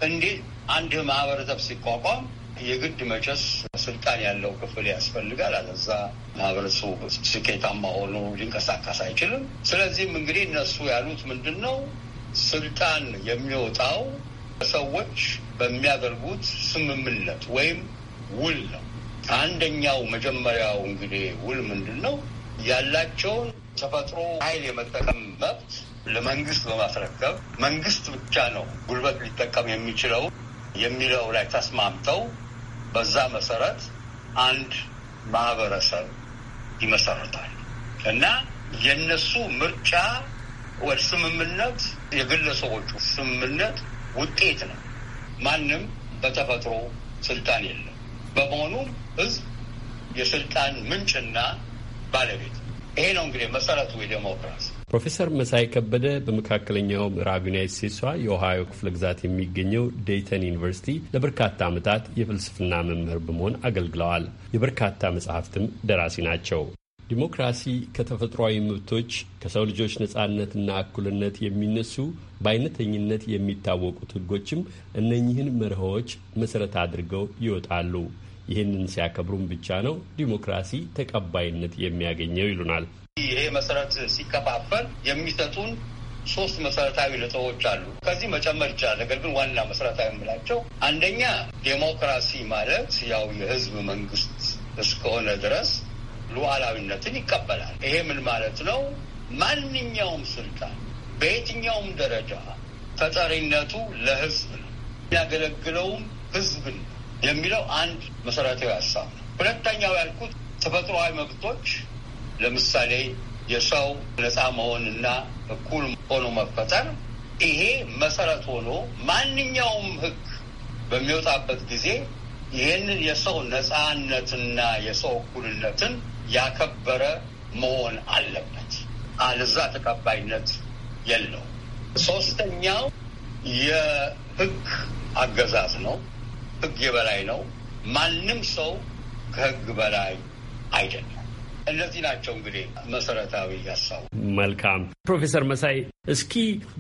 እንዴት አንድ ማህበረሰብ ሲቋቋም የግድ መቼስ ስልጣን ያለው ክፍል ያስፈልጋል። አለዛ ማህበረሰቡ ስኬታማ ሆኖ ሊንቀሳቀስ አይችልም። ስለዚህም እንግዲህ እነሱ ያሉት ምንድን ነው ስልጣን የሚወጣው ሰዎች በሚያደርጉት ስምምነት ወይም ውል ነው። አንደኛው መጀመሪያው እንግዲህ ውል ምንድን ነው? ያላቸውን ተፈጥሮ ኃይል የመጠቀም መብት ለመንግስት በማስረከብ መንግስት ብቻ ነው ጉልበት ሊጠቀም የሚችለው የሚለው ላይ ተስማምተው በዛ መሰረት አንድ ማህበረሰብ ይመሰርታል እና የነሱ ምርጫ ወደ ስምምነት የግለሰቦቹ ስምምነት ውጤት ነው። ማንም በተፈጥሮ ስልጣን የለም። በመሆኑም ህዝብ የስልጣን ምንጭና ባለቤት ይሄ ነው እንግዲህ መሰረቱ የዴሞክራሲ ፕሮፌሰር መሳይ ከበደ በመካከለኛው ምዕራብ ዩናይት ስቴትሷ የኦሃዮ ክፍለ ግዛት የሚገኘው ዴይተን ዩኒቨርሲቲ ለበርካታ ዓመታት የፍልስፍና መምህር በመሆን አገልግለዋል። የበርካታ መጽሐፍትም ደራሲ ናቸው። ዲሞክራሲ ከተፈጥሯዊ መብቶች ከሰው ልጆች ነጻነትና እኩልነት የሚነሱ በአይነተኝነት የሚታወቁት ህጎችም እነኚህን መርሆዎች መሠረት አድርገው ይወጣሉ። ይህንን ሲያከብሩም ብቻ ነው ዲሞክራሲ ተቀባይነት የሚያገኘው ይሉናል ይሄ መሰረት ሲከፋፈል የሚሰጡን ሶስት መሰረታዊ ነጥቦች አሉ። ከዚህ መጨመር ይቻላል። ነገር ግን ዋና መሰረታዊ የምላቸው አንደኛ ዴሞክራሲ ማለት ያው የህዝብ መንግስት እስከሆነ ድረስ ሉዓላዊነትን ይቀበላል። ይሄ ምን ማለት ነው? ማንኛውም ስልጣን በየትኛውም ደረጃ ተጠሪነቱ ለህዝብ ነው፣ የሚያገለግለውም ህዝብ ነው የሚለው አንድ መሰረታዊ ሀሳብ ነው። ሁለተኛው ያልኩት ተፈጥሯዊ መብቶች ለምሳሌ የሰው ነፃ መሆንና እኩል ሆኖ መፈጠር ይሄ መሰረት ሆኖ ማንኛውም ህግ በሚወጣበት ጊዜ ይህንን የሰው ነፃነትና የሰው እኩልነትን ያከበረ መሆን አለበት። አለዛ ተቀባይነት የለው። ሶስተኛው የህግ አገዛዝ ነው። ህግ የበላይ ነው። ማንም ሰው ከህግ በላይ አይደለም። እነዚህ ናቸው እንግዲህ መሰረታዊ ያሳው። መልካም ፕሮፌሰር መሳይ እስኪ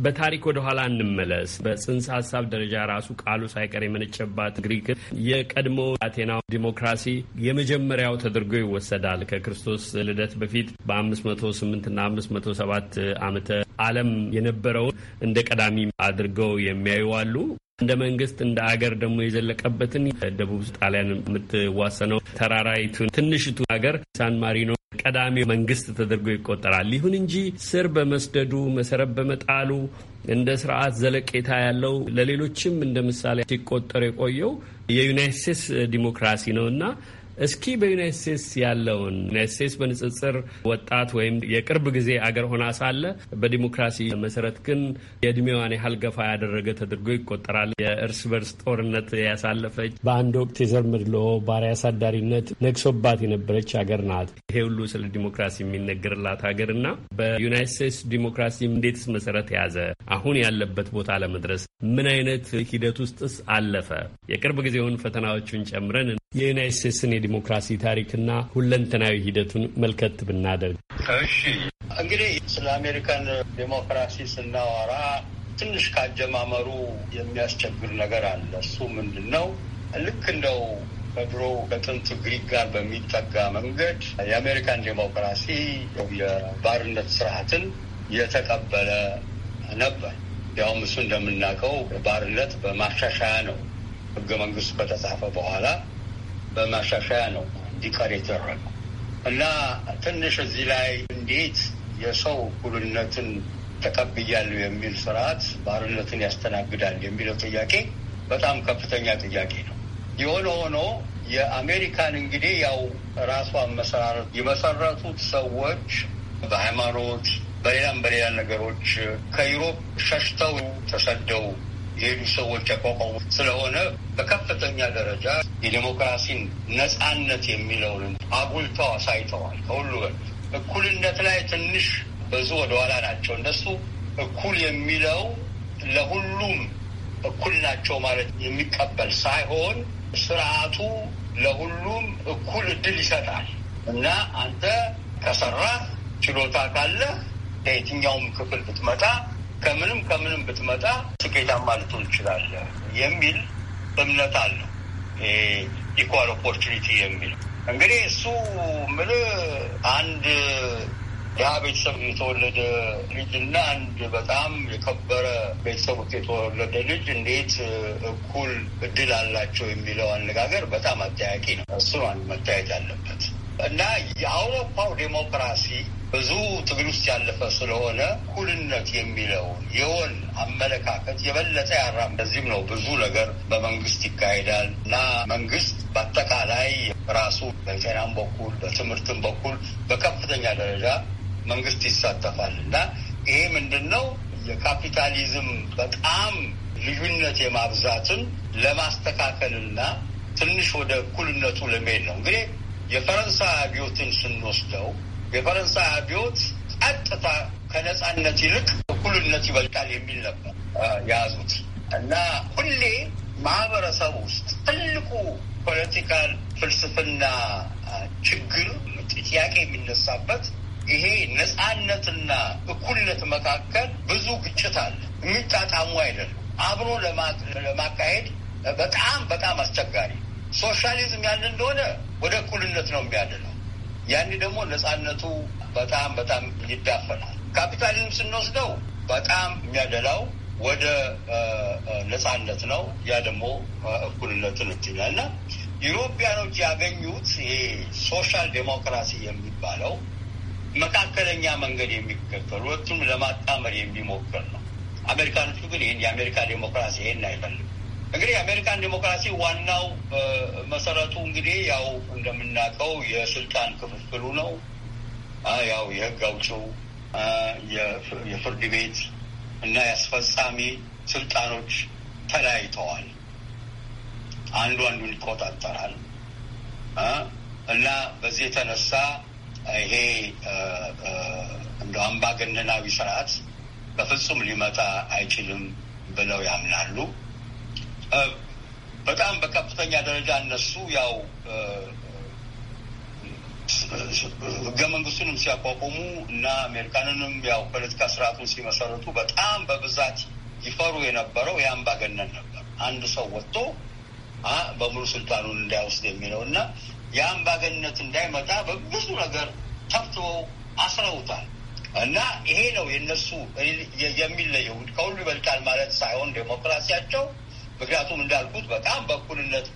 በታሪክ ወደኋላ እንመለስ። በጽንሰ ሀሳብ ደረጃ ራሱ ቃሉ ሳይቀር የመነጨባት ግሪክ የቀድሞ አቴና ዲሞክራሲ የመጀመሪያው ተደርጎ ይወሰዳል። ከክርስቶስ ልደት በፊት በ508 እና 507 ዓመተ ዓለም የነበረውን እንደ ቀዳሚ አድርገው የሚያዩ አሉ። እንደ መንግስት እንደ አገር ደግሞ የዘለቀበትን ደቡብ ጣሊያን የምትዋሰነው ተራራይቱን ትንሽቱ ሀገር ሳን ማሪኖ ቀዳሚው መንግስት ተደርጎ ይቆጠራል። ይሁን እንጂ ስር በመስደዱ መሰረት በመጣሉ እንደ ስርዓት ዘለቄታ ያለው ለሌሎችም እንደ ምሳሌ ሲቆጠር የቆየው የዩናይት ስቴትስ ዲሞክራሲ ነው እና እስኪ በዩናይት ስቴትስ ያለውን ዩናይት ስቴትስ በንጽጽር ወጣት ወይም የቅርብ ጊዜ አገር ሆና ሳለ በዲሞክራሲ መሰረት ግን የእድሜዋን ያህል ገፋ ያደረገ ተደርጎ ይቆጠራል። የእርስ በርስ ጦርነት ያሳለፈች፣ በአንድ ወቅት የዘር መድሎ፣ ባሪያ አሳዳሪነት ነግሶባት የነበረች ሀገር ናት። ይሄ ሁሉ ስለ ዲሞክራሲ የሚነገርላት ሀገር እና በዩናይት ስቴትስ ዲሞክራሲ እንዴትስ መሰረት ያዘ? አሁን ያለበት ቦታ ለመድረስ ምን አይነት ሂደት ውስጥስ አለፈ? የቅርብ ጊዜውን ፈተናዎቹን ጨምረን የዩናይት ስቴትስን ዲሞክራሲ ታሪክና ሁለንተናዊ ሂደቱን መልከት ብናደርግ። እሺ እንግዲህ ስለ አሜሪካን ዲሞክራሲ ስናወራ ትንሽ ካጀማመሩ የሚያስቸግር ነገር አለ። እሱ ምንድን ነው? ልክ እንደው ከድሮ ከጥንት ግሪክ ጋር በሚጠጋ መንገድ የአሜሪካን ዲሞክራሲ የባርነት ስርዓትን የተቀበለ ነበር። ያውም እሱ እንደምናውቀው ባርነት በማሻሻያ ነው ህገ መንግስቱ ከተጻፈ በኋላ በማሻሻያ ነው እንዲቀር የተደረገው እና ትንሽ እዚህ ላይ እንዴት የሰው እኩልነትን ተቀብያለሁ የሚል ስርዓት ባርነትን ያስተናግዳል የሚለው ጥያቄ በጣም ከፍተኛ ጥያቄ ነው። የሆነ ሆኖ የአሜሪካን እንግዲህ ያው ራሷን መሰራረት የመሰረቱት ሰዎች በሃይማኖት በሌላም በሌላ ነገሮች ከዩሮፕ ሸሽተው ተሰደው የሄዱ ሰዎች ያቋቋሙ ስለሆነ በከፍተኛ ደረጃ የዴሞክራሲን ነጻነት የሚለውን አጉልተው አሳይተዋል። ከሁሉ እኩልነት ላይ ትንሽ ብዙ ወደኋላ ናቸው። እነሱ እኩል የሚለው ለሁሉም እኩል ናቸው ማለት የሚቀበል ሳይሆን ስርዓቱ ለሁሉም እኩል እድል ይሰጣል እና አንተ ከሰራህ ችሎታ ካለህ ከየትኛውም ክፍል ብትመጣ ከምንም ከምንም ብትመጣ ስኬታማ ልትሆን ትችላለህ የሚል እምነት አለው። ኢኳል ኦፖርቹኒቲ የሚል እንግዲህ እሱ ምን አንድ ያ ቤተሰብ የተወለደ እና አንድ በጣም የከበረ ቤተሰብ የተወለደ ልጅ እንዴት እኩል እድል አላቸው የሚለው አነጋገር በጣም አጠያቂ ነው። እሱ አንድ መታየት አለበት እና የአውሮፓው ዴሞክራሲ ብዙ ትግል ውስጥ ያለፈ ስለሆነ እኩልነት የሚለውን የወል አመለካከት የበለጠ ያራም። በዚህም ነው ብዙ ነገር በመንግስት ይካሄዳል እና መንግስት በአጠቃላይ ራሱ በጤናም በኩል በትምህርትም በኩል በከፍተኛ ደረጃ መንግስት ይሳተፋል እና ይሄ ምንድን ነው የካፒታሊዝም በጣም ልዩነት የማብዛትን ለማስተካከልና ትንሽ ወደ እኩልነቱ ለመሄድ ነው። እንግዲህ የፈረንሳይ አብዮትን ስንወስደው የፈረንሳይ አብዮት ቀጥታ ከነጻነት ይልቅ እኩልነት ይበልጣል የሚል ነበር የያዙት እና ሁሌ ማህበረሰብ ውስጥ ትልቁ ፖለቲካል ፍልስፍና ችግር ጥያቄ የሚነሳበት ይሄ ነጻነትና እኩልነት መካከል ብዙ ግጭት አለ። የሚጣጣሙ አይደለም። አብሮ ለማካሄድ በጣም በጣም አስቸጋሪ። ሶሻሊዝም ያለ እንደሆነ ወደ እኩልነት ነው የሚያደለው። ያኔ ደግሞ ነጻነቱ በጣም በጣም ይዳፈናል። ካፒታሊዝም ስንወስደው በጣም የሚያደላው ወደ ነጻነት ነው። ያ ደግሞ እኩልነትን እችላል እና ዩሮፒያኖች ያገኙት ይሄ ሶሻል ዴሞክራሲ የሚባለው መካከለኛ መንገድ የሚከተል ሁለቱም ለማጣመር የሚሞክር ነው። አሜሪካኖቹ ግን ይህን የአሜሪካ ዴሞክራሲ ይህን አይፈልግም። እንግዲህ የአሜሪካን ዲሞክራሲ ዋናው መሰረቱ እንግዲህ ያው እንደምናውቀው የስልጣን ክፍፍሉ ነው። ያው የህግ አውጪው፣ የፍርድ ቤት እና የአስፈጻሚ ስልጣኖች ተለያይተዋል። አንዱ አንዱን ይቆጣጠራል እና በዚህ የተነሳ ይሄ እንደ አምባገነናዊ ስርዓት በፍጹም ሊመጣ አይችልም ብለው ያምናሉ። በጣም በከፍተኛ ደረጃ እነሱ ያው ህገ መንግስቱንም ሲያቋቁሙ እና አሜሪካንንም ያው ፖለቲካ ስርዓቱን ሲመሰርቱ በጣም በብዛት ይፈሩ የነበረው የአምባገነን ነበር። አንድ ሰው ወጥቶ በሙሉ ስልጣኑን እንዳይወስድ የሚለው እና የአምባገነት እንዳይመጣ በብዙ ነገር ተፍትበው አስረውታል። እና ይሄ ነው የነሱ የሚለየው። ከሁሉ ይበልጣል ማለት ሳይሆን ዴሞክራሲያቸው ምክንያቱም እንዳልኩት በጣም በኩልነት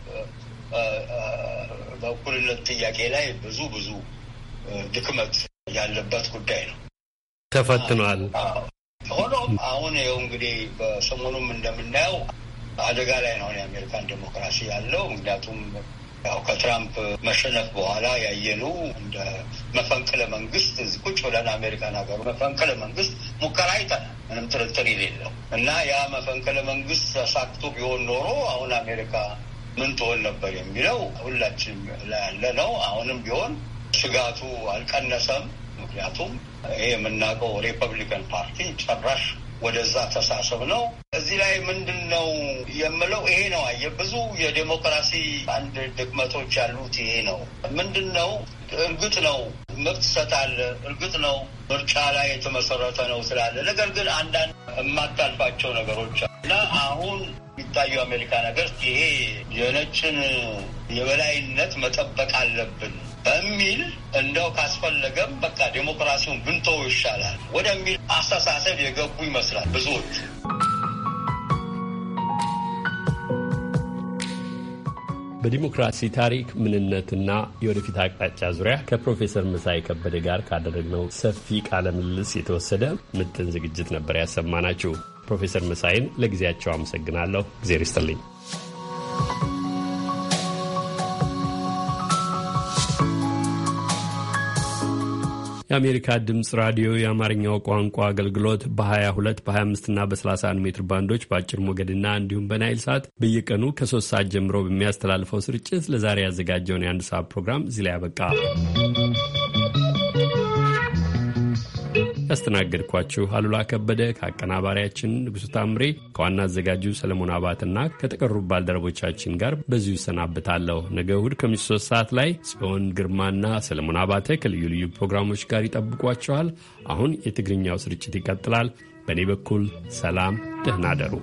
በኩልነት ጥያቄ ላይ ብዙ ብዙ ድክመት ያለበት ጉዳይ ነው። ተፈትኗል። ሆኖም አሁን ይኸው እንግዲህ በሰሞኑም እንደምናየው አደጋ ላይ ነው የአሜሪካን ዴሞክራሲ ያለው ምክንያቱም ያው ከትራምፕ መሸነፍ በኋላ ያየኑ እንደ መፈንቅለ መንግስት ዝቁጭ ብለን አሜሪካን ሀገሩ መፈንቅለ መንግስት ሙከራ አይተናል፣ ምንም ጥርጥር የሌለው እና ያ መፈንቅለ መንግስት ተሳክቶ ቢሆን ኖሮ አሁን አሜሪካ ምን ትሆን ነበር የሚለው ሁላችንም ያለ ነው። አሁንም ቢሆን ስጋቱ አልቀነሰም። ምክንያቱም ይሄ የምናውቀው ሪፐብሊካን ፓርቲ ጨራሽ ወደዛ ተሳሰብ ነው። እዚህ ላይ ምንድን ነው የምለው ይሄ ነው። አየ ብዙ የዴሞክራሲ አንድ ድክመቶች ያሉት ይሄ ነው። ምንድን ነው እርግጥ ነው መብት ሰጣለ፣ እርግጥ ነው ምርጫ ላይ የተመሰረተ ነው ስላለ፣ ነገር ግን አንዳንድ የማታልፋቸው ነገሮች እና አሁን የሚታየው አሜሪካ ነገር ይሄ የነጭን የበላይነት መጠበቅ አለብን በሚል እንደው ካስፈለገም በቃ ዴሞክራሲውን ብንተው ይሻላል ወደሚል አስተሳሰብ የገቡ ይመስላል ብዙዎች። በዲሞክራሲ ታሪክ ምንነትና የወደፊት አቅጣጫ ዙሪያ ከፕሮፌሰር መሳይ ከበደ ጋር ካደረግነው ሰፊ ቃለ ምልልስ የተወሰደ ምጥን ዝግጅት ነበር ያሰማናችሁ። ፕሮፌሰር መሳይን ለጊዜያቸው አመሰግናለሁ። እግዜር ይስጥልኝ። የአሜሪካ ድምፅ ራዲዮ የአማርኛው ቋንቋ አገልግሎት በ22 በ25 እና በ31 ሜትር ባንዶች በአጭር ሞገድና እንዲሁም በናይል ሰዓት በየቀኑ ከሶስት ሰዓት ጀምሮ በሚያስተላልፈው ስርጭት ለዛሬ ያዘጋጀውን የአንድ ሰዓት ፕሮግራም እዚህ ላይ ያበቃ። ያስተናገድኳችሁ አሉላ ከበደ ከአቀናባሪያችን ንጉሥ ታምሬ ከዋና አዘጋጁ ሰለሞን አባትና ከተቀሩ ባልደረቦቻችን ጋር በዚሁ ይሰናብታለሁ። ነገ እሁድ ከምሽቱ ሶስት ሰዓት ላይ ጽዮን ግርማና ሰለሞን አባተ ከልዩ ልዩ ፕሮግራሞች ጋር ይጠብቋቸዋል። አሁን የትግርኛው ስርጭት ይቀጥላል። በእኔ በኩል ሰላም፣ ደህና አደሩ።